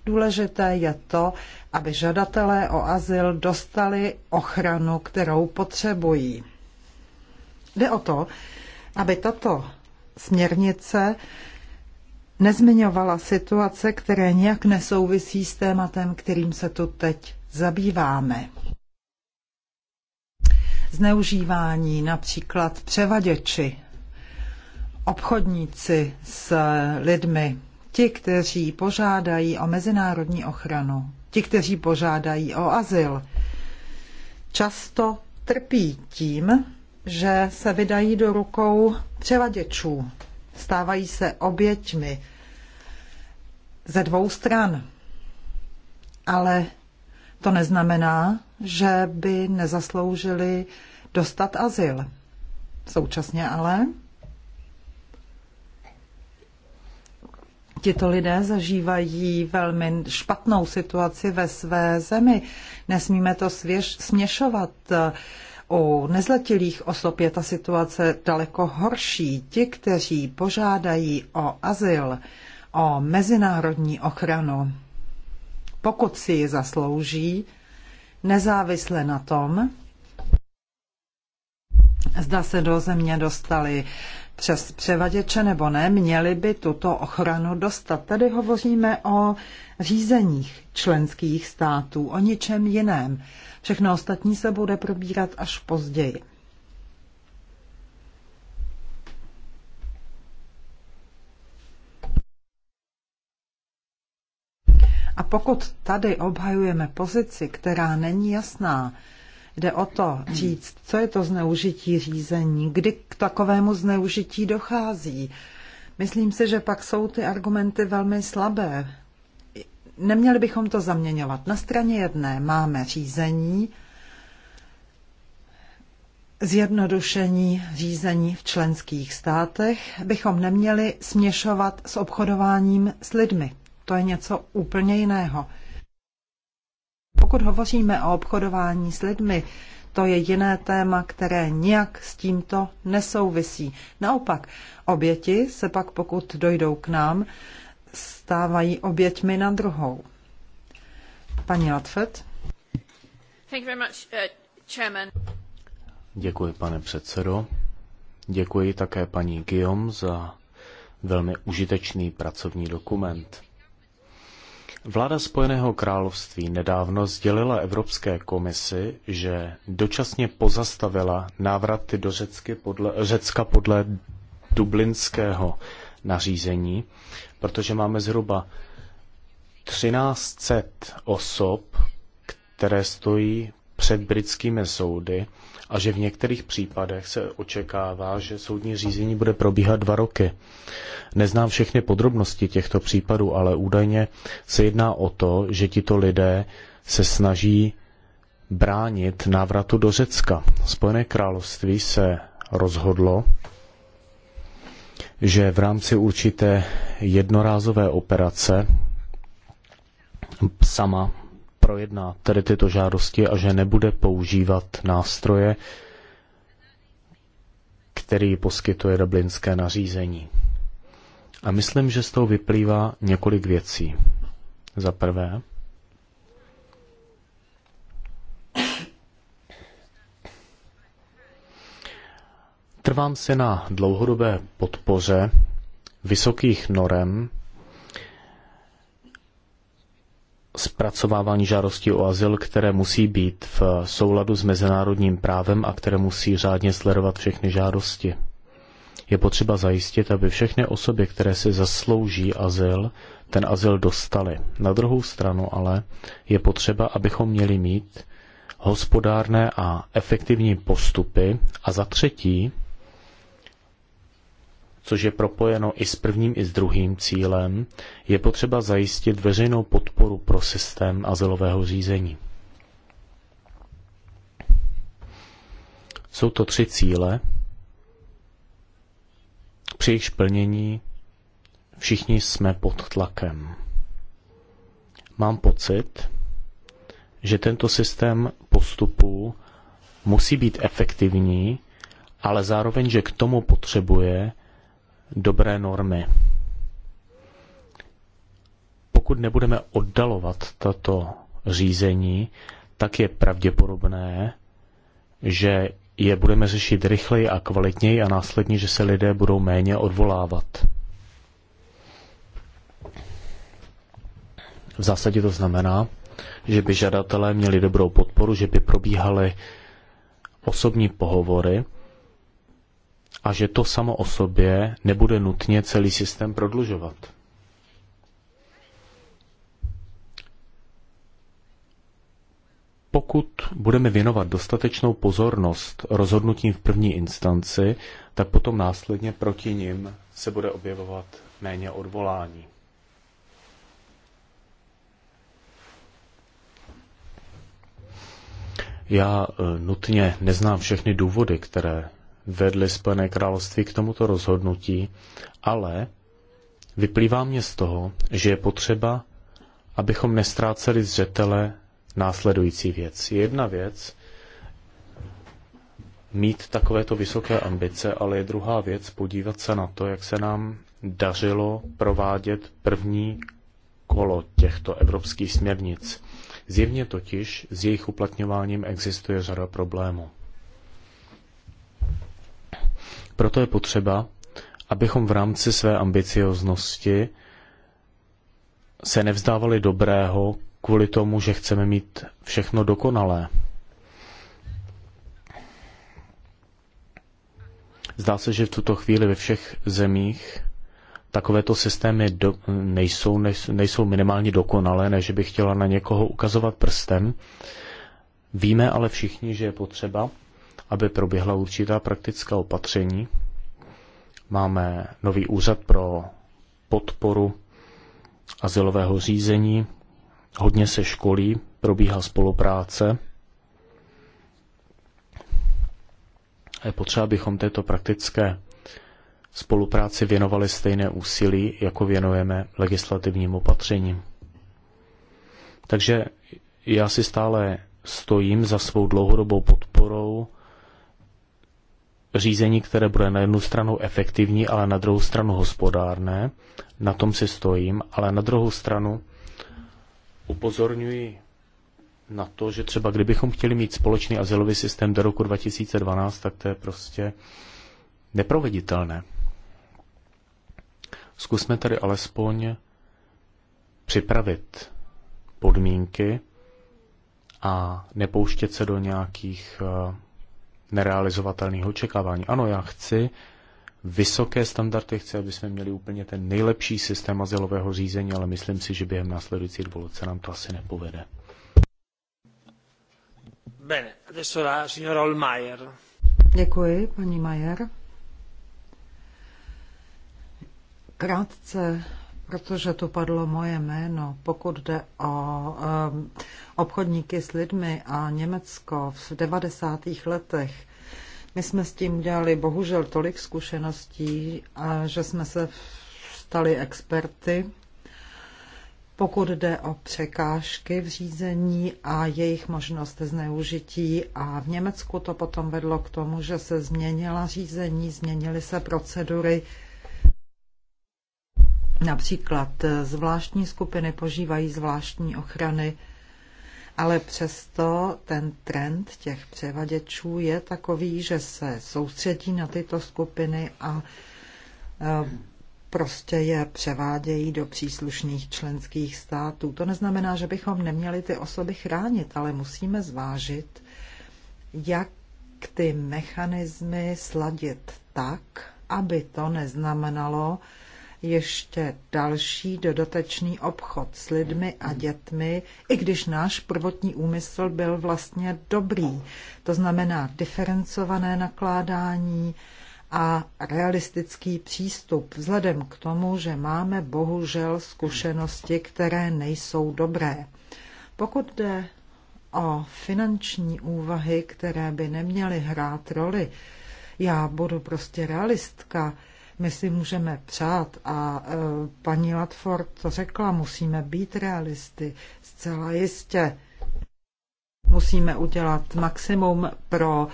Důležité je to, aby žadatelé o azyl dostali ochranu, kterou potřebují. Jde o to, aby tato směrnice nezmiňovala situace, které nějak nesouvisí s tématem, kterým se tu teď zabýváme. Zneužívání například převaděči, obchodníci s lidmi, ti, kteří požádají o mezinárodní ochranu, ti, kteří požádají o azyl, často trpí tím, že se vydají do rukou převaděčů. Stávají se oběťmi ze dvou stran. Ale to neznamená, že by nezasloužili dostat azyl. Současně ale Tito lidé zažívají velmi špatnou situaci ve své zemi. Nesmíme to svěš, směšovat. U nezletilých osob je ta situace daleko horší. Ti, kteří požádají o azyl, o mezinárodní ochranu, pokud si ji zaslouží, nezávisle na tom, zda se do země dostali přes převaděče nebo ne, měli by tuto ochranu dostat. Tady hovoříme o řízeních členských států, o ničem jiném. Všechno ostatní se bude probírat až později. A pokud tady obhajujeme pozici, která není jasná, Jde o to říct, co je to zneužití řízení, kdy k takovému zneužití dochází. Myslím si, že pak jsou ty argumenty velmi slabé. Neměli bychom to zaměňovat. Na straně jedné máme řízení, zjednodušení řízení v členských státech bychom neměli směšovat s obchodováním s lidmi. To je něco úplně jiného pokud hovoříme o obchodování s lidmi, to je jiné téma, které nijak s tímto nesouvisí. Naopak, oběti se pak, pokud dojdou k nám, stávají oběťmi na druhou. Paní Latfet. Uh, Děkuji, pane předsedo. Děkuji také paní Guillaume za velmi užitečný pracovní dokument. Vláda Spojeného království nedávno sdělila Evropské komisi, že dočasně pozastavila návraty do Řecky podle, Řecka podle dublinského nařízení, protože máme zhruba 1300 osob, které stojí před britskými soudy a že v některých případech se očekává, že soudní řízení bude probíhat dva roky. Neznám všechny podrobnosti těchto případů, ale údajně se jedná o to, že tito lidé se snaží bránit návratu do Řecka. Spojené království se rozhodlo, že v rámci určité jednorázové operace sama projedná tedy tyto žádosti a že nebude používat nástroje, který poskytuje dublinské nařízení. A myslím, že z toho vyplývá několik věcí. Za prvé, trvám si na dlouhodobé podpoře vysokých norem zpracovávání žádostí o azyl, které musí být v souladu s mezinárodním právem a které musí řádně sledovat všechny žádosti. Je potřeba zajistit, aby všechny osoby, které si zaslouží azyl, ten azyl dostaly. Na druhou stranu ale je potřeba, abychom měli mít hospodárné a efektivní postupy a za třetí, což je propojeno i s prvním i s druhým cílem, je potřeba zajistit veřejnou podporu pro systém azylového řízení. Jsou to tři cíle, při jejich plnění všichni jsme pod tlakem. Mám pocit, že tento systém postupů musí být efektivní, ale zároveň, že k tomu potřebuje dobré normy. Pokud nebudeme oddalovat tato řízení, tak je pravděpodobné, že je budeme řešit rychleji a kvalitněji a následně, že se lidé budou méně odvolávat. V zásadě to znamená, že by žadatelé měli dobrou podporu, že by probíhaly osobní pohovory a že to samo o sobě nebude nutně celý systém prodlužovat. Pokud budeme věnovat dostatečnou pozornost rozhodnutím v první instanci, tak potom následně proti nim se bude objevovat méně odvolání. Já e, nutně neznám všechny důvody, které vedly Spojené království k tomuto rozhodnutí, ale vyplývá mě z toho, že je potřeba, abychom nestráceli zřetele následující věc. Jedna věc, mít takovéto vysoké ambice, ale je druhá věc podívat se na to, jak se nám dařilo provádět první kolo těchto evropských směrnic. Zjevně totiž s jejich uplatňováním existuje řada problémů. Proto je potřeba, abychom v rámci své ambicioznosti se nevzdávali dobrého kvůli tomu, že chceme mít všechno dokonalé. Zdá se, že v tuto chvíli ve všech zemích takovéto systémy do, nejsou, nejsou minimálně dokonalé, než bych chtěla na někoho ukazovat prstem. Víme ale všichni, že je potřeba, aby proběhla určitá praktická opatření. Máme nový úřad pro podporu azylového řízení, hodně se školí, probíhá spolupráce. Je potřeba, abychom této praktické spolupráci věnovali stejné úsilí, jako věnujeme legislativním opatřením. Takže já si stále stojím za svou dlouhodobou podporou řízení, které bude na jednu stranu efektivní, ale na druhou stranu hospodárné. Na tom si stojím, ale na druhou stranu upozorňuji na to, že třeba kdybychom chtěli mít společný azylový systém do roku 2012, tak to je prostě neproveditelné. Zkusme tedy alespoň připravit podmínky a nepouštět se do nějakých eh, nerealizovatelných očekávání. Ano, já chci vysoké standardy, chci, aby jsme měli úplně ten nejlepší systém azylového řízení, ale myslím si, že během následujících dvou let se nám to asi nepovede. Bene, adesso la signora Olmayer. Děkuji, paní Majer. Krátce protože tu padlo moje jméno, pokud jde o um, obchodníky s lidmi a Německo v 90. letech, my jsme s tím dělali bohužel tolik zkušeností, že jsme se stali experty. Pokud jde o překážky v řízení a jejich možnost zneužití a v Německu to potom vedlo k tomu, že se změnila řízení, změnily se procedury, Například eh, zvláštní skupiny požívají zvláštní ochrany, ale přesto ten trend těch převaděčů je takový, že se soustředí na tyto skupiny a eh, prostě je převádějí do příslušných členských států. To neznamená, že bychom neměli ty osoby chránit, ale musíme zvážit, jak ty mechanismy sladit tak, aby to neznamenalo, ještě další dodatečný obchod s lidmi a dětmi, i když náš prvotní úmysl byl vlastně dobrý. To znamená diferencované nakládání a realistický přístup, vzhledem k tomu, že máme bohužel zkušenosti, které nejsou dobré. Pokud jde o finanční úvahy, které by neměly hrát roli, já budu prostě realistka my si můžeme přát a e, paní Latford to řekla, musíme být realisty, zcela jistě. Musíme udělat maximum pro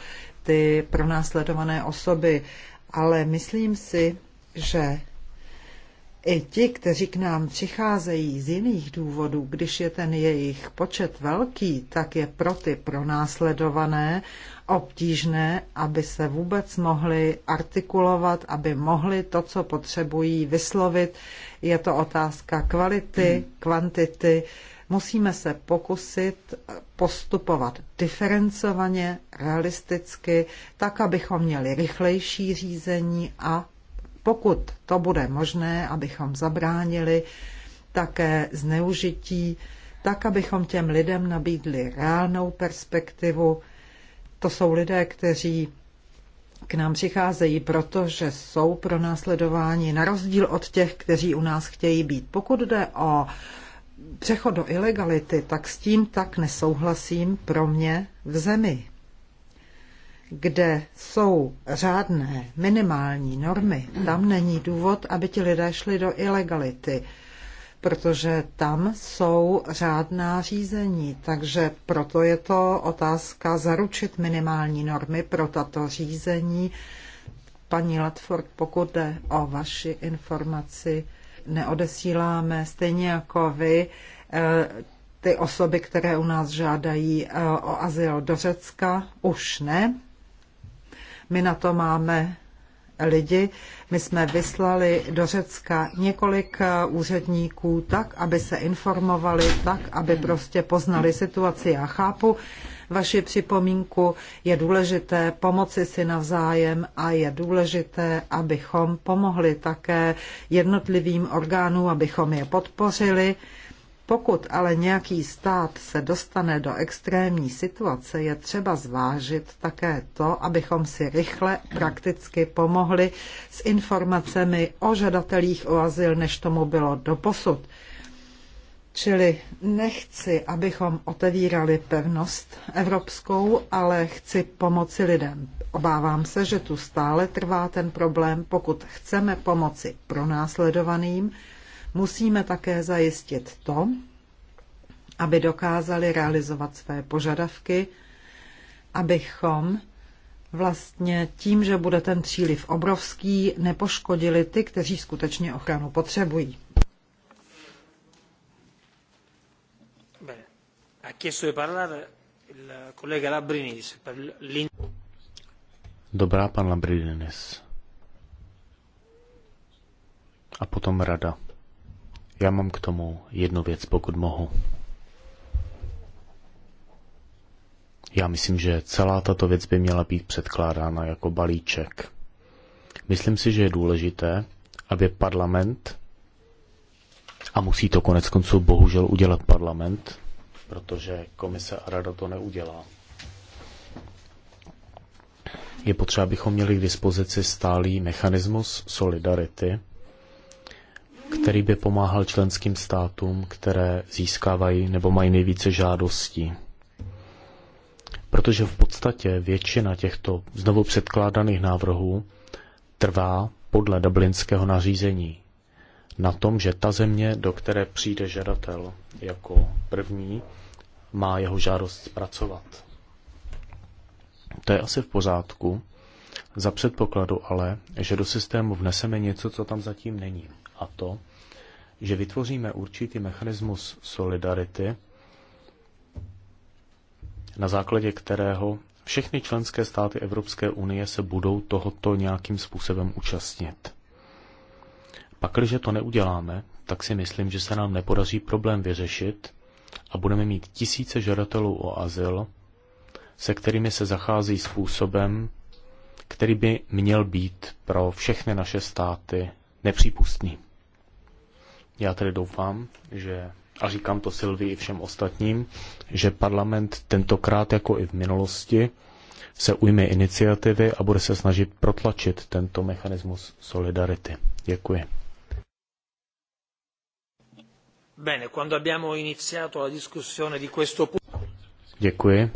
ty pronásledované osoby, ale myslím si, že i ti, kteří k nám přicházejí z jiných důvodů, když je ten jejich počet velký, tak je pro ty pronásledované obtížné, aby se vůbec mohli artikulovat, aby mohli to, co potřebují, vyslovit. Je to otázka kvality, hmm. kvantity. Musíme se pokusit postupovat diferencovaně, realisticky, tak, abychom měli rychlejší řízení a pokud to bude možné, abychom zabránili také zneužití, tak abychom těm lidem nabídli reálnou perspektivu. To jsou lidé, kteří k nám přicházejí, protože jsou pro následování, na rozdíl od těch, kteří u nás chtějí být. Pokud jde o přechod do ilegality, tak s tím tak nesouhlasím pro mě v zemi kde jsou řádné minimální normy, tam není důvod, aby ti lidé šli do ilegality, protože tam jsou řádná řízení. Takže proto je to otázka zaručit minimální normy pro tato řízení. Paní Latford, pokud jde o vaši informaci, neodesíláme stejně jako vy eh, ty osoby, které u nás žádají eh, o azyl do Řecka, už ne, my na to máme lidi. My jsme vyslali do Řecka několik eh, úředníků tak, aby se informovali, tak, aby prostě poznali situaci. Já chápu vaši připomínku. Je důležité pomoci si navzájem a je důležité, abychom pomohli také jednotlivým orgánům, abychom je podpořili pokud ale nějaký stát se dostane do extrémní situace, je třeba zvážit také to, abychom si rychle prakticky pomohli s informacemi o žadatelích o azyl, než tomu bylo doposud. Čili nechci, abychom otevírali pevnost evropskou, ale chci pomoci lidem. Obávám se, že tu stále trvá ten problém, pokud chceme pomoci pronásledovaným, následovaným Musíme také zajistit to, aby dokázali realizovat své požadavky, abychom vlastně tím, že bude ten příliv obrovský, nepoškodili ty, kteří skutečně ochranu potřebují. Dobrá, pan Labrinis. A potom rada. Já mám k tomu jednu věc, pokud mohu. Já myslím, že celá tato věc by měla být předkládána jako balíček. Myslím si, že je důležité, aby parlament, a musí to konec konců bohužel udělat parlament, protože komise a rada to neudělá. Je potřeba, abychom měli k dispozici stálý mechanismus solidarity, který by pomáhal členským státům, které získávají nebo mají nejvíce žádostí. Protože v podstatě většina těchto znovu předkládaných návrhů trvá podle dublinského nařízení na tom, že ta země, do které přijde žadatel jako první, má jeho žádost zpracovat. To je asi v pořádku, za předpokladu ale, že do systému vneseme něco, co tam zatím není a to, že vytvoříme určitý mechanismus solidarity, na základě kterého všechny členské státy Evropské unie se budou tohoto nějakým způsobem účastnit. Pakliže to neuděláme, tak si myslím, že se nám nepodaří problém vyřešit a budeme mít tisíce žadatelů o azyl, se kterými se zachází způsobem, který by měl být pro všechny naše státy nepřípustný. Já tedy doufám, že, a říkám to Silvi i všem ostatním, že parlament tentokrát jako i v minulosti se ujme iniciativy a bude se snažit protlačit tento mechanismus solidarity. Děkuji. Bene, quando abbiamo iniziato la discussione di questo punto... Děkuji.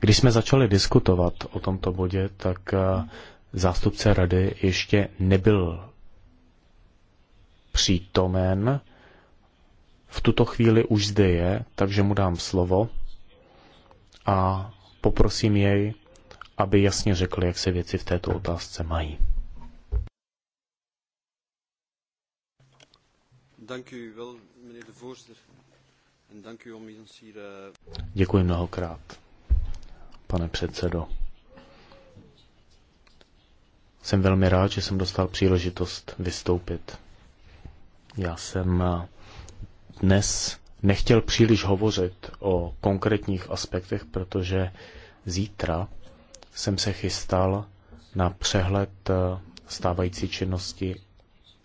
Když jsme začali diskutovat o tomto bodě, tak eh, zástupce rady ještě nebyl přítomen. V tuto chvíli už zde je, takže mu dám slovo a poprosím jej, aby jasně řekl, jak se věci v této otázce mají. Eh, Děkuji mnohokrát, pane předsedo. Jsem velmi rád, že jsem dostal příležitost vystoupit. Já jsem eh, dnes nechtěl příliš hovořit o konkrétních aspektech, protože zítra jsem se chystal na přehled eh, stávající činnosti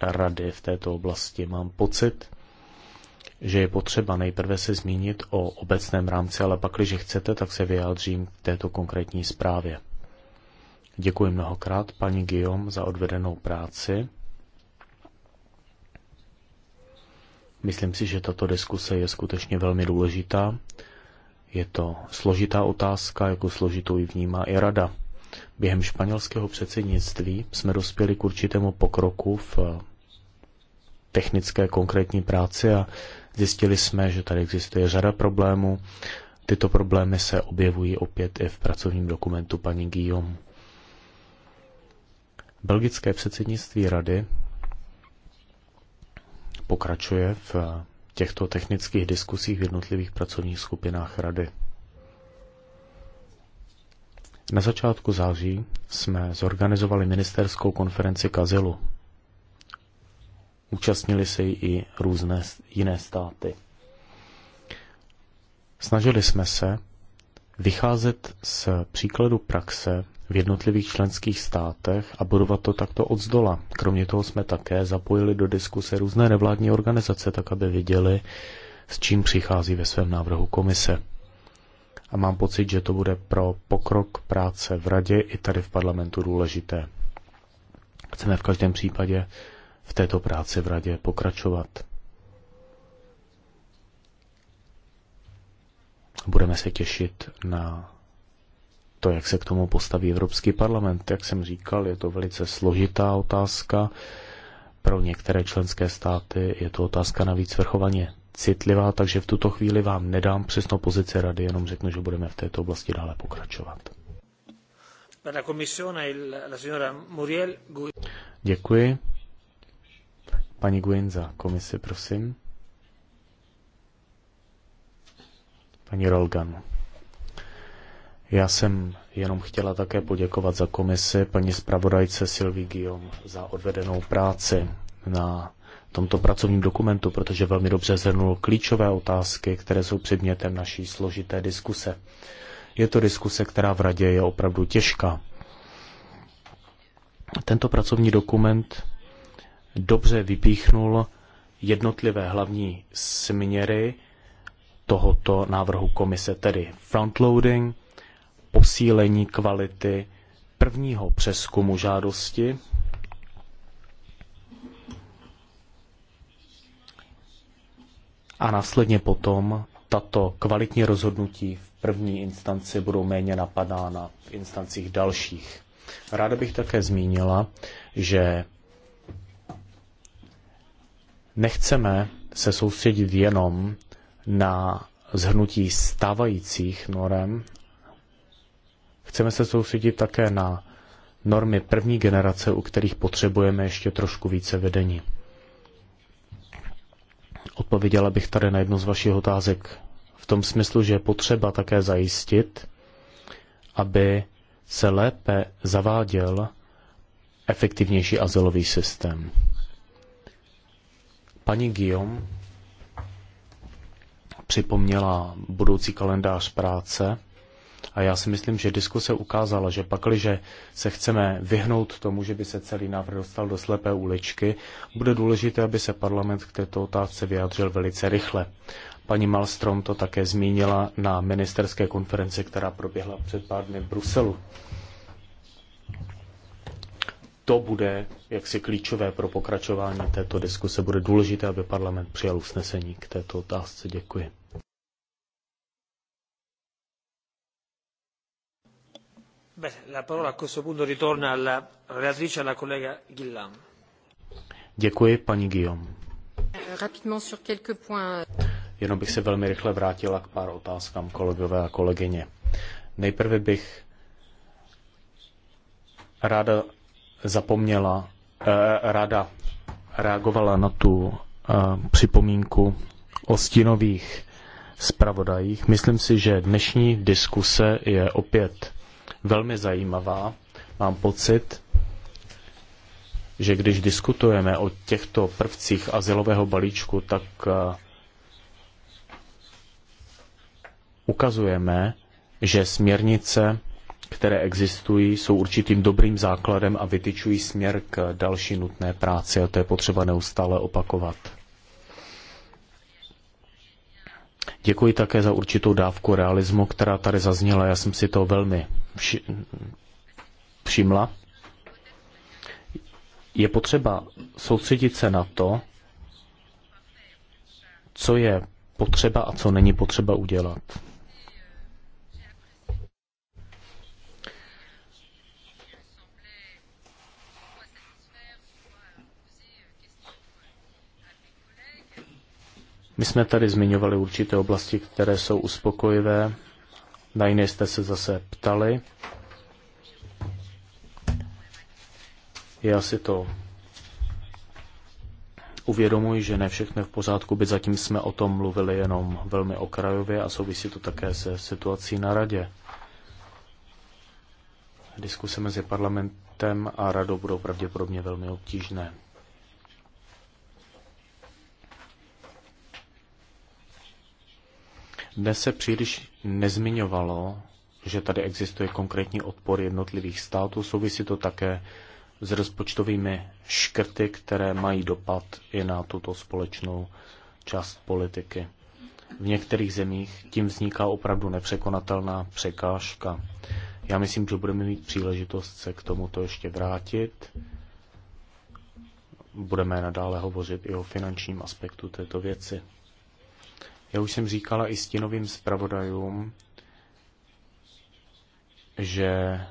rady v této oblasti. Mám pocit, že je potřeba nejprve se zmínit o obecném rámci, ale pak, když chcete, tak se vyjádřím k této konkrétní zprávě. Děkuji mnohokrát paní Guillaume za odvedenou práci. Myslím si, že tato diskuse je skutečně velmi důležitá. Je to složitá otázka, jako složitou ji vnímá i Rada. Během španělského předsednictví jsme dospěli k určitému pokroku v technické konkrétní práci a zjistili jsme, že tady existuje řada problémů. Tyto problémy se objevují opět i v pracovním dokumentu paní Guillaume. Belgické předsednictví rady pokračuje v těchto technických diskusích v jednotlivých pracovních skupinách Rady. Na začátku září jsme zorganizovali ministerskou konferenci Kazilu. Účastnili se ji i různé jiné státy. Snažili jsme se vycházet z příkladu praxe v jednotlivých členských státech a budovat to takto od zdola. Kromě toho jsme také zapojili do diskuse různé nevládní organizace, tak aby viděli, s čím přichází ve svém návrhu komise. A mám pocit, že to bude pro pokrok práce v radě i tady v parlamentu důležité. Chceme v každém případě v této práci v radě pokračovat. Budeme se těšit na to, jak se k tomu postaví Evropský parlament. Jak jsem říkal, je to velice složitá otázka. Pro některé členské státy je to otázka navíc svrchovaně citlivá, takže v tuto chvíli vám nedám přesnou pozici rady, jenom řeknu, že budeme v této oblasti dále pokračovat. Děkuji. Paní Guin za komisi, prosím. Paní Rolgan. Já jsem jenom chtěla také poděkovat za komisi paní zpravodajce Sylvie Guillaume za odvedenou práci na tomto pracovním dokumentu, protože velmi dobře zhrnul klíčové otázky, které jsou předmětem naší složité diskuse. Je to diskuse, která v radě je opravdu těžká. Tento pracovní dokument dobře vypíchnul jednotlivé hlavní směry tohoto návrhu komise, tedy frontloading, posílení kvality prvního přeskumu žádosti. A následně potom tato kvalitní rozhodnutí v první instanci budou méně napadána v instancích dalších. Ráda bych také zmínila, že nechceme se soustředit jenom na zhrnutí stávajících norem, Chceme se soustředit také na normy první generace, u kterých potřebujeme ještě trošku více vedení. Odpověděla bych tady na jednu z vašich otázek v tom smyslu, že je potřeba také zajistit, aby se lépe zaváděl efektivnější azylový systém. Paní Guillaume připomněla budoucí kalendář práce a já si myslím, že diskuse ukázala, že pakliže se chceme vyhnout tomu, že by se celý návrh dostal do slepé uličky, bude důležité, aby se parlament k této otázce vyjádřil velice rychle. Paní Malstrom to také zmínila na ministerské konferenci, která proběhla před pár dny v Bruselu. To bude jaksi klíčové pro pokračování této diskuse. Bude důležité, aby parlament přijal usnesení k této otázce. Děkuji. Jenom bych se velmi rychle vrátila k pár otázkám kolegové a kolegyně. Nejprve bych ráda zapomněla, eh, ráda reagovala na tu eh, připomínku o stínových zpravodajích. Myslím si, že dnešní diskuse je opět velmi zajímavá. Mám pocit, že když diskutujeme o těchto prvcích azylového balíčku, tak eh, ukazujeme, že směrnice, které existují, jsou určitým dobrým základem a vytyčují směr k další nutné práci a to je potřeba neustále opakovat. Děkuji také za určitou dávku realismu, která tady zazněla. Já jsem si to velmi vši- všimla. Je potřeba soustředit se na to, co je potřeba a co není potřeba udělat. My jsme tady zmiňovali určité oblasti, které jsou uspokojivé. Na jiné jste se zase ptali. Já si to uvědomuji, že ne všechno je v pořádku, byť zatím jsme o tom mluvili jenom velmi okrajově a souvisí to také se situací na radě. Diskuse mezi parlamentem a radou budou pravděpodobně velmi obtížné. Dnes se příliš nezmiňovalo, že tady existuje konkrétní odpor jednotlivých států. Souvisí to také s rozpočtovými škrty, které mají dopad i na tuto společnou část politiky. V některých zemích tím vzniká opravdu nepřekonatelná překážka. Já myslím, že budeme mít příležitost se k tomuto ještě vrátit. Budeme nadále hovořit i o finančním aspektu této věci. Já už jsem říkala i stinovým zpravodajům, že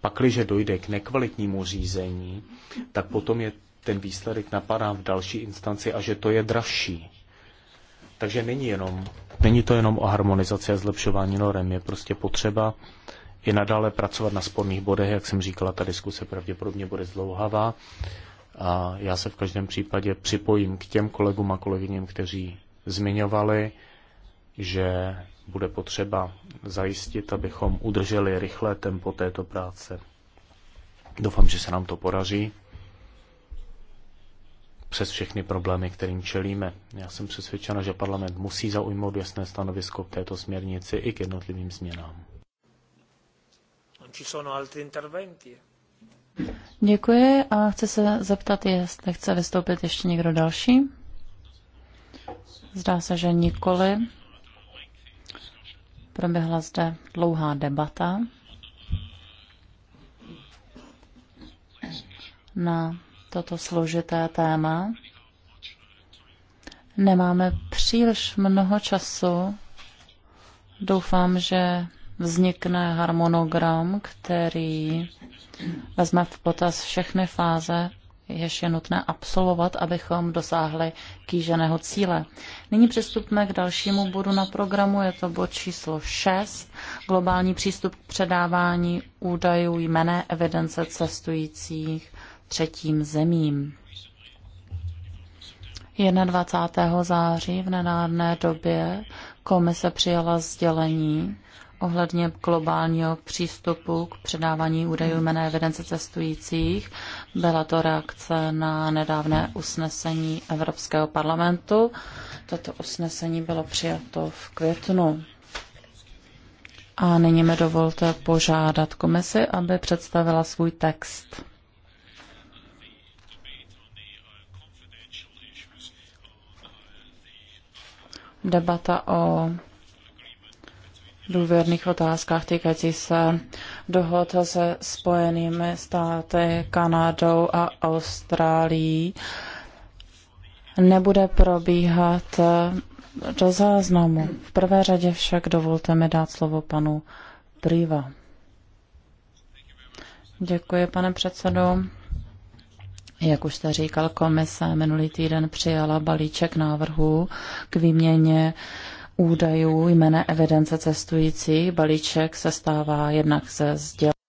pakliže dojde k nekvalitnímu řízení, tak potom je ten výsledek napadá v další instanci a že to je dražší. Takže není, jenom, není to jenom o harmonizaci a zlepšování norem, je prostě potřeba i nadále pracovat na sporných bodech, jak jsem říkala, ta diskuse pravděpodobně bude zdlouhavá. A já se v každém případě připojím k těm kolegům a kolegyním, kteří zmiňovali, že bude potřeba zajistit, abychom udrželi rychlé tempo této práce. Doufám, že se nám to podaří přes všechny problémy, kterým čelíme. Já jsem přesvědčena, že parlament musí zaujmout jasné stanovisko k této směrnici i k jednotlivým změnám. Děkuji a chci se zeptat, jestli chce vystoupit ještě někdo další. Zdá se, že nikoli. Proběhla zde dlouhá debata na toto složité téma. Nemáme příliš mnoho času. Doufám, že vznikne harmonogram, který vezme v potaz všechny fáze jež je nutné absolvovat, abychom dosáhli kýženého cíle. Nyní přistupme k dalšímu bodu na programu, je to bod číslo 6, globální přístup k předávání údajů jmené evidence cestujících třetím zemím. 21. září v nenádné době komise přijala sdělení ohledně globálního přístupu k předávání údajů jména evidence cestujících. Byla to reakce na nedávné usnesení Evropského parlamentu. Toto usnesení bylo přijato v květnu. A nyní mi dovolte požádat komisi, aby představila svůj text. Debata o důvěrných otázkách týkající se dohod se Spojenými státy, Kanadou a Austrálií nebude probíhat do záznamu. V prvé řadě však dovolte mi dát slovo panu Priva. Děkuji, pane předsedo. Jak už jste říkal, komise minulý týden přijala balíček návrhů k výměně údajů jména evidence cestujících. Balíček se stává jednak ze sdělení